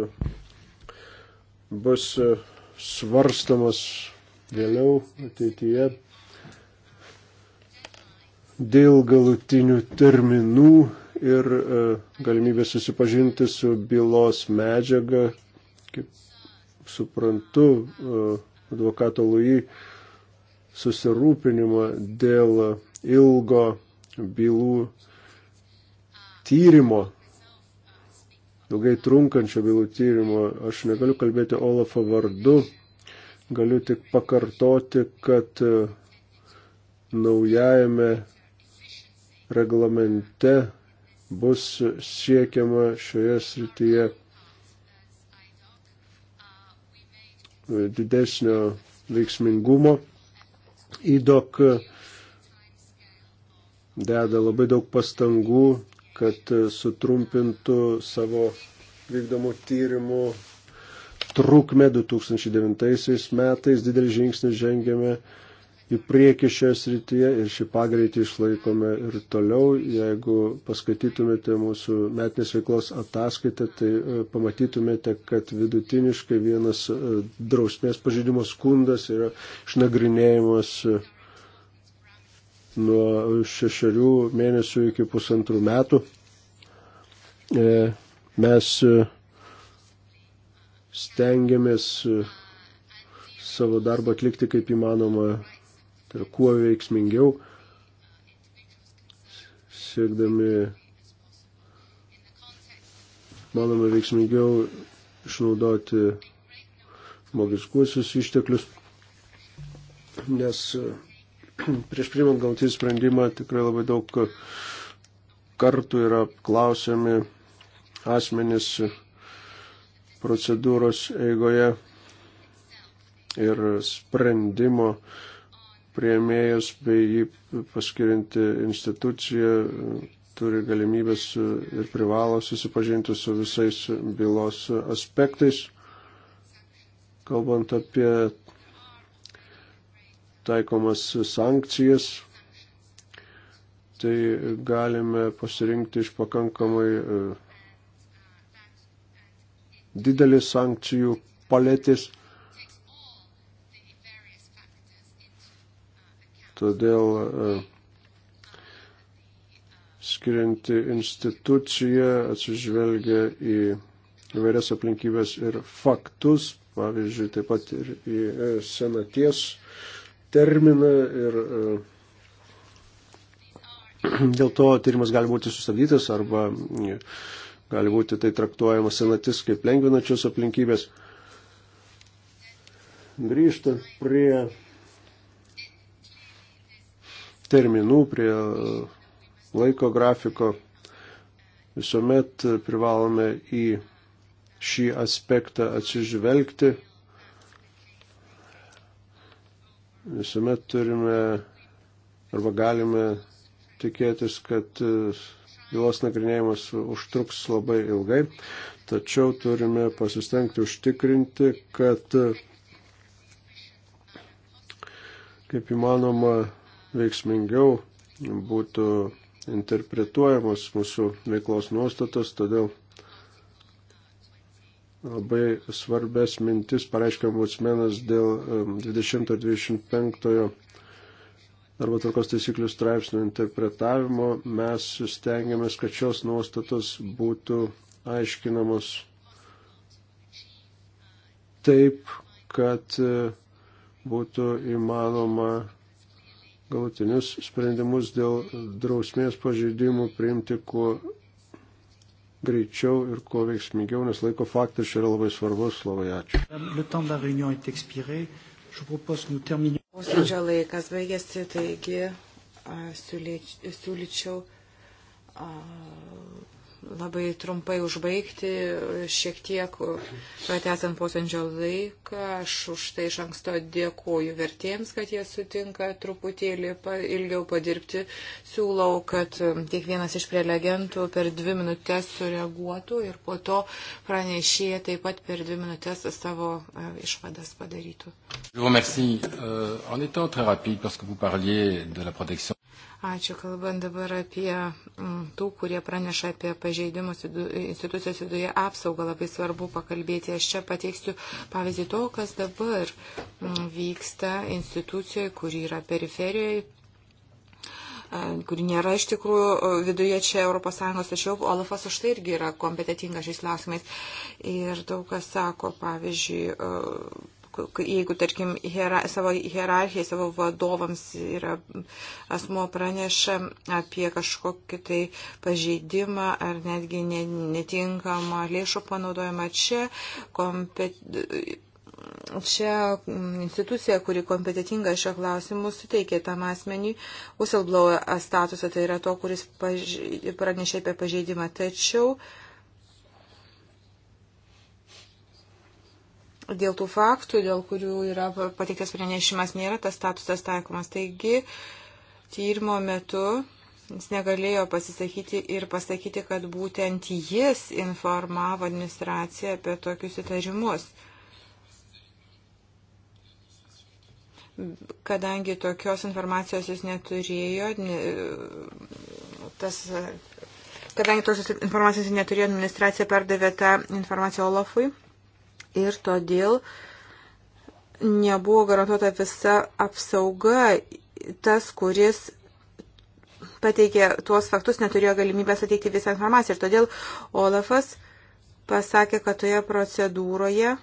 C: bus svarstamas vėliau ateityje dėl galutinių terminų ir e, galimybė susipažinti su bylos medžiaga. Kaip suprantu, e, advokato Lui susirūpinimą dėl ilgo bylų tyrimo ilgai trunkančio bylų tyrimo. Aš negaliu kalbėti Olafo vardu, galiu tik pakartoti, kad e, naujajame reglamente bus siekiama šioje srityje e, didesnio veiksmingumo. Įdok e, deda labai daug pastangų kad sutrumpintų savo vykdomų tyrimų trukmę 2009 metais. Didelį žingsnį žengėme į priekį šioje srityje ir šį pagreitį išlaikome ir toliau. Jeigu paskaitytumėte mūsų metinės veiklos ataskaitą, tai e, pamatytumėte, kad vidutiniškai vienas e, drausmės pažydimo skundas yra išnagrinėjimas e, nuo šešerių mėnesių iki pusantrų metų. E, mes e, stengiamės e, savo darbą atlikti kaip įmanoma, tai yra kuo veiksmingiau, siekdami, manoma, veiksmingiau išnaudoti žmogiškuosius išteklius, nes prieš priimant galtinį sprendimą tikrai labai daug kartų yra klausiami asmenys procedūros eigoje ir sprendimo prieimėjus bei jį paskirinti instituciją turi galimybės ir privalo susipažinti su visais bylos aspektais. Kalbant apie taikomas sankcijas, tai galime pasirinkti iš pakankamai e, didelės sankcijų paletės. Todėl e, skirianti institucija atsižvelgia į įvairias aplinkybės ir faktus, pavyzdžiui, taip pat ir į e, senaties terminą ir e, dėl to tyrimas gali būti sustabdytas arba e, gali būti tai traktuojama senatis kaip lengvinačios aplinkybės. Grįžtant prie terminų, prie e, laiko grafiko, visuomet privalome į šį aspektą atsižvelgti visuomet turime arba galime tikėtis, kad e, bylos nagrinėjimas užtruks labai ilgai, tačiau turime pasistengti užtikrinti, kad kaip įmanoma veiksmingiau būtų interpretuojamos mūsų veiklos nuostatos, todėl labai svarbės mintis pareiškė ombudsmenas dėl 20-25 arba tvarkos taisyklių straipsnių interpretavimo, mes stengiamės, kad šios nuostatos būtų aiškinamos taip, kad e, būtų įmanoma galutinius sprendimus dėl drausmės pažeidimų priimti kuo greičiau ir kuo veiksmingiau, nes laiko faktas čia yra labai svarbus. Labai ačiū.
B: Posėdžio laikas baigėsi, taigi siūlyčiau. Uh, labai trumpai užbaigti, šiek tiek pratesant posėdžio laiką. Aš už tai iš anksto dėkoju vertėjams, kad jie sutinka truputėlį ilgiau padirbti. Siūlau, kad kiekvienas iš prelegentų per dvi minutės sureaguotų ir po to pranešėja taip pat per dvi minutės savo e, išvadas padarytų.
C: Je vous remercie. Euh, en étant très rapide, parce que vous parliez de la protection.
B: Ačiū, kalbant dabar apie mm, tų, kurie praneša apie pažeidimus institucijos viduje apsaugą, labai svarbu pakalbėti. Aš čia pateiksiu pavyzdį to, kas dabar mm, vyksta institucijoje, kuri yra periferijoje kuri nėra iš tikrųjų e, viduje čia ES, tačiau Olafas už tai irgi yra kompetitingas šiais klausimais. Ir daug kas sako, pavyzdžiui, e, jeigu, tarkim, hierar, savo hierarchijai, savo vadovams yra asmo praneša apie kažkokį tai pažeidimą ar netgi netinkamą lėšų panaudojimą čia, kompet... čia institucija, kuri kompetitinga šio klausimu, suteikė tam asmeniui whistleblower statusą, tai yra to, kuris paž... pranešė apie pažeidimą. Tačiau uh, dėl tų faktų, dėl kurių yra pateiktas pranešimas, nėra tas statusas taikomas. Taigi, tyrimo metu jis negalėjo pasisakyti ir pasakyti, kad būtent jis informavo administraciją apie tokius įtarimus. Kadangi tokios informacijos jis neturėjo, tas kadangi tos informacijos neturėjo, administracija perdavė tą informaciją Olafui, ir todėl nebuvo garantuota visa apsauga. Tas, kuris pateikė tuos faktus, neturėjo galimybės ateikti visą informaciją. Ir todėl Olafas pasakė, kad toje procedūroje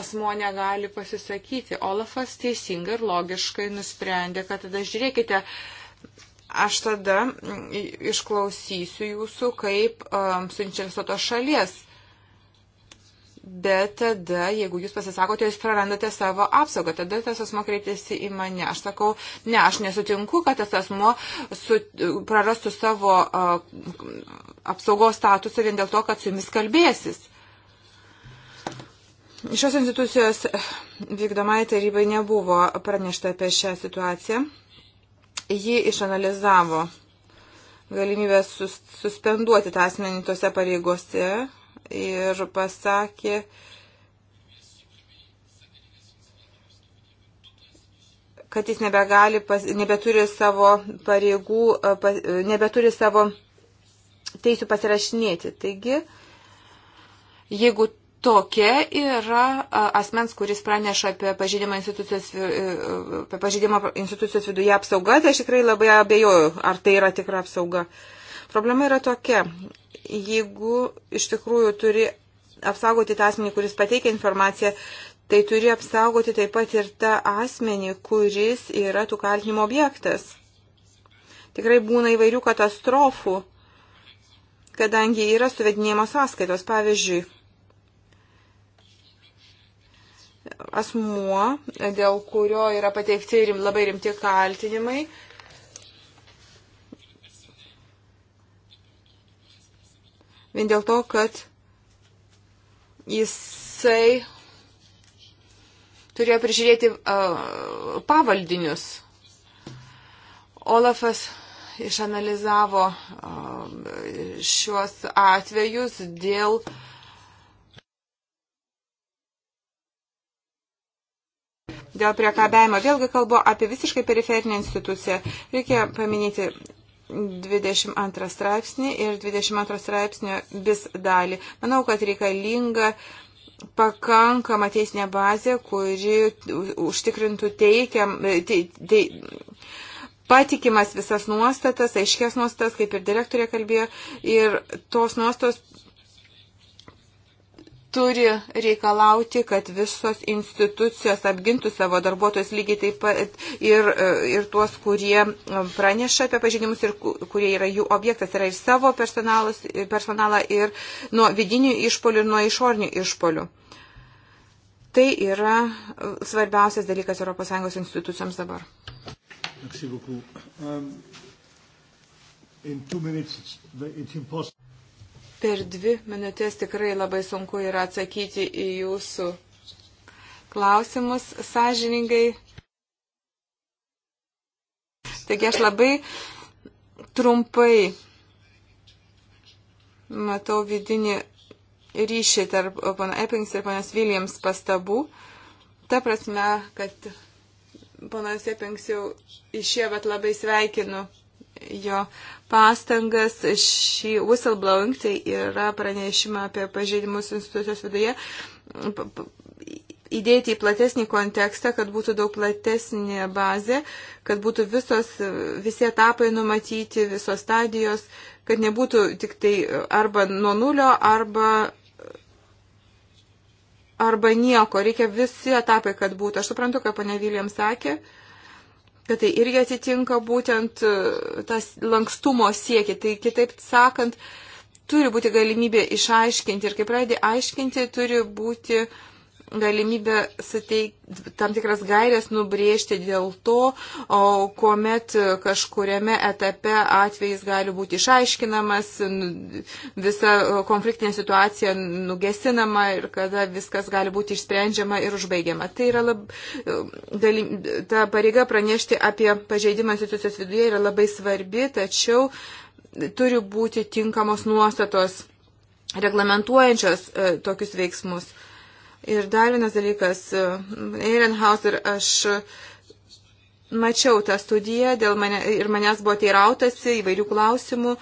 B: asmo negali pasisakyti. Olafas teisingai ir logiškai nusprendė, kad tada žiūrėkite, aš tada išklausysiu jūsų kaip um, suinteresuotos šalies Bet tada, jeigu jūs pasisakote, jūs prarandate savo apsaugą, tada tas asmo kreipėsi į mane. Aš sakau, ne, aš nesutinku, kad tas asmo su, prarastų savo uh, apsaugos statusą vien dėl to, kad su jumis kalbėsis. Šios institucijos vykdomai tarybai nebuvo pranešta apie šią situaciją. Ji išanalizavo galimybę sus, suspenduoti tą asmenį tose pareigose ir pasakė, kad jis nebegali, pas, nebeturi savo pareigų, pas, nebeturi savo teisų pasirašinėti. Taigi, jeigu tokia yra asmens, kuris praneša apie pažydimą institucijos, apie pažydimą institucijos viduje apsauga, tai aš tikrai labai abejoju, ar tai yra tikra apsauga. Uh, Problema yra tokia, jeigu iš tikrųjų turi apsaugoti tą asmenį, kuris pateikia informaciją, tai turi apsaugoti taip pat ir tą asmenį, kuris yra tų kaltinimo objektas. Tikrai būna įvairių katastrofų, kadangi yra suvedinėjamos sąskaitos. Pavyzdžiui, asmuo, dėl kurio yra pateikti rim, labai rimti kaltinimai, vien dėl to, kad jisai turėjo prižiūrėti uh, pavaldinius. Olafas išanalizavo uh, šiuos atvejus dėl Dėl priekabėjimo vėlgi kalbu apie visiškai periferinę instituciją. Reikia paminėti 22 straipsnį ir 22 straipsnio bis dalį. Manau, kad reikalinga pakankama teisinė bazė, kuri užtikrintų teikiam, te, te, patikimas visas nuostatas, aiškės nuostatas, kaip ir direktorė kalbėjo, ir tos nuostatos turi reikalauti, kad visos institucijos apgintų savo darbuotojus lygiai taip pat ir, ir tuos, kurie praneša apie pažeidimus ir kurie yra jų objektas, yra ir savo personalą ir nuo vidinių išpolių ir nuo išornių išpolių. Tai yra svarbiausias dalykas ES institucijoms dabar.
C: Merci beaucoup. Um, in two minutes, it's impossible.
B: Per dvi minutės tikrai labai sunku yra atsakyti į jūsų klausimus sąžiningai. Taigi aš labai trumpai matau vidinį ryšį tarp pana Eppings ir panas Williams pastabų. Ta prasme, kad panas Eppings jau išėjo, bet labai sveikinu jo pastangas. Šį whistleblowing, tai yra pranešimą apie pažeidimus institucijos viduje, įdėti į platesnį kontekstą, kad būtų daug platesnė bazė, kad būtų visos, visi etapai numatyti, visos stadijos, kad nebūtų tik tai arba nuo nulio, arba, arba nieko. Reikia visi etapai, kad būtų. Aš suprantu, ką ponia Viljams sakė. Uh, kad tai irgi atitinka būtent e, tas lankstumo siekį. Tai kitaip sakant, turi būti galimybė išaiškinti ir kai pradedi aiškinti, turi būti uh, galimybę suteikti tam tikras gairias nubriežti dėl to, o, kuomet kažkuriame etape atvejais gali būti išaiškinamas, visa konfliktinė situacija nugesinama ir kada viskas gali būti išsprendžiama ir užbaigiama. Tai yra lab, dalim, ta pareiga pranešti apie pažeidimą institucijos viduje yra labai svarbi, tačiau turi būti tinkamos nuostatos reglamentuojančios e, tokius veiksmus. E, Ir dar vienas dalykas, Ehrenhauser, aš mačiau tą studiją mane, ir manęs buvo teirautasi įvairių klausimų.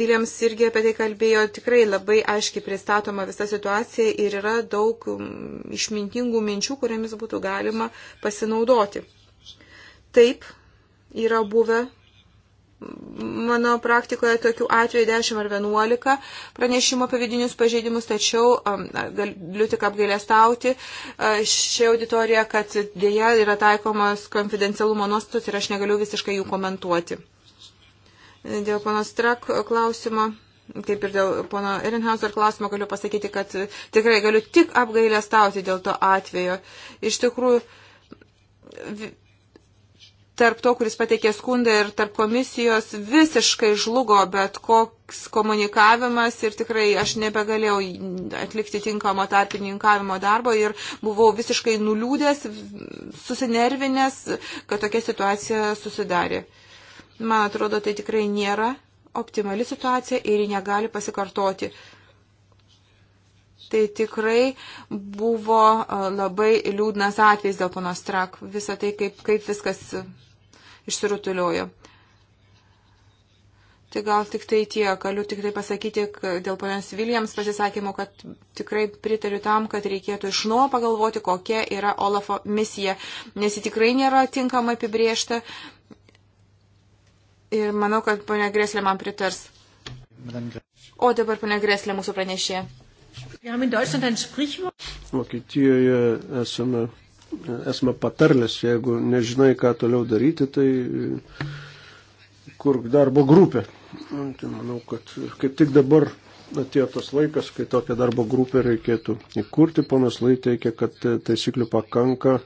B: Viljams irgi apie tai kalbėjo, tikrai labai aiškiai pristatoma visa situacija ir yra daug išmintingų minčių, kuriamis būtų galima pasinaudoti. Taip, yra buvę mano praktikoje tokių atvejų 10 ar 11 pranešimų apie vidinius pažeidimus, tačiau um, galiu tik apgailestauti uh, šią auditoriją, kad dėja yra taikomas konfidencialumo nuostatos ir aš negaliu visiškai jų komentuoti. Dėl panos Trak klausimo. Kaip ir dėl pono Erinhauser klausimo galiu pasakyti, kad tikrai galiu tik apgailę stauti dėl to atvejo. Iš tikrųjų, tarp to, kuris pateikė skundą ir tarp komisijos visiškai žlugo bet koks komunikavimas ir tikrai aš nebegalėjau atlikti tinkamo tarpininkavimo darbo ir buvau visiškai nuliūdęs, susinervinęs, kad tokia situacija susidarė. Man atrodo, tai tikrai nėra optimali situacija ir ji negali pasikartoti. Tai tikrai buvo labai liūdnas atvejs dėl panos trak. Visą tai, kaip, kaip viskas išsirutuliojo. Tai gal tik tai tiek, galiu tik tai pasakyti dėl ponios Viljams pasisakymo, kad tikrai pritariu tam, kad reikėtų iš nuo pagalvoti, kokia yra Olafo misija, nes ji tikrai nėra tinkamai apibriešta. Ir manau, kad ponia Greslė man pritars. O dabar ponia Greslė mūsų pranešė.
C: Vokietijoje esame esame patarlės, jeigu nežinai, ką toliau daryti, tai e, kur darbo grupė. Nu, tai manau, kad kaip tik dabar atėjo tas laikas, kai tokią darbo grupę reikėtų įkurti. Ponas Lai teikia, kad taisyklių pakanka,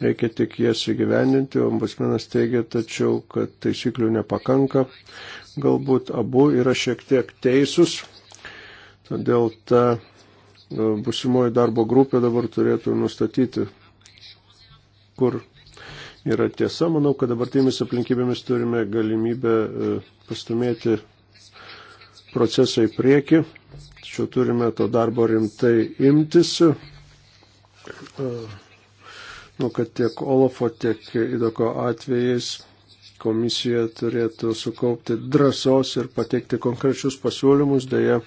C: reikia tik jas įgyvendinti. Ombudsmenas teigia, tačiau, kad taisyklių nepakanka. Galbūt abu yra šiek tiek teisūs. Todėl ta e, busimoji darbo grupė dabar turėtų nustatyti kur yra tiesa. Manau, kad dabartėmis aplinkybėmis turime galimybę e, pastumėti procesą į priekį, tačiau turime to darbo rimtai imtis. E, nu, kad tiek Olofo, tiek Idoko atvejais komisija turėtų sukaupti drąsos ir pateikti konkrečius pasiūlymus, dėja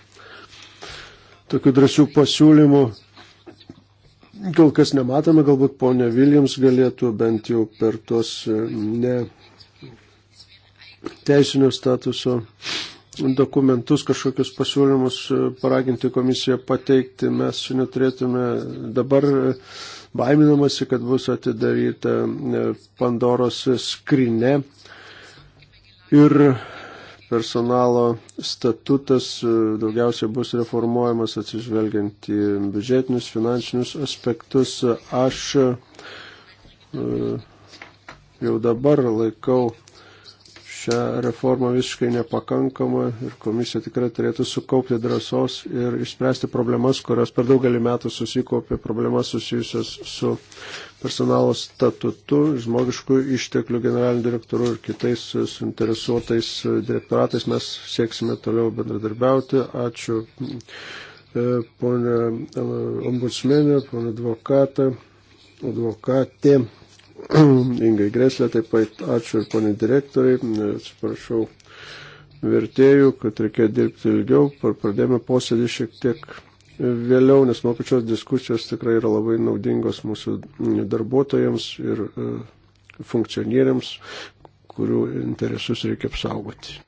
C: tokių drąsių pasiūlymų kol kas nematome, galbūt ponia Viljams galėtų bent jau per tos e, ne teisinio statuso dokumentus, kažkokius pasiūlymus e, paraginti komisiją pateikti. Mes neturėtume dabar e, baiminamasi, kad bus atidaryta Pandoros skrinė. Ir personalo statutas e, daugiausia bus reformuojamas atsižvelgiant į biudžetinius, finansinius aspektus. Aš e, jau dabar laikau šią reformą visiškai nepakankama ir komisija tikrai turėtų sukaupti drąsos ir išspręsti problemas, kurios per daugelį metų susikaupė, problemas susijusios su personalo statutu, žmogiškų išteklių generaliniu direktoru ir kitais suinteresuotais direktoratais. Mes sieksime toliau bendradarbiauti. Ačiū e, ponė e, ombudsmenė, ponė advokatė. advokatė. Ingai Greslė, taip pat ačiū ir poniai direktoriai, atsiprašau vertėjų, kad reikėjo dirbti ilgiau, pradėjome posėdį šiek tiek vėliau, nes man pačios diskusijos tikrai yra labai naudingos mūsų darbuotojams ir e, funkcionieriams, kurių interesus reikia
A: apsaugoti.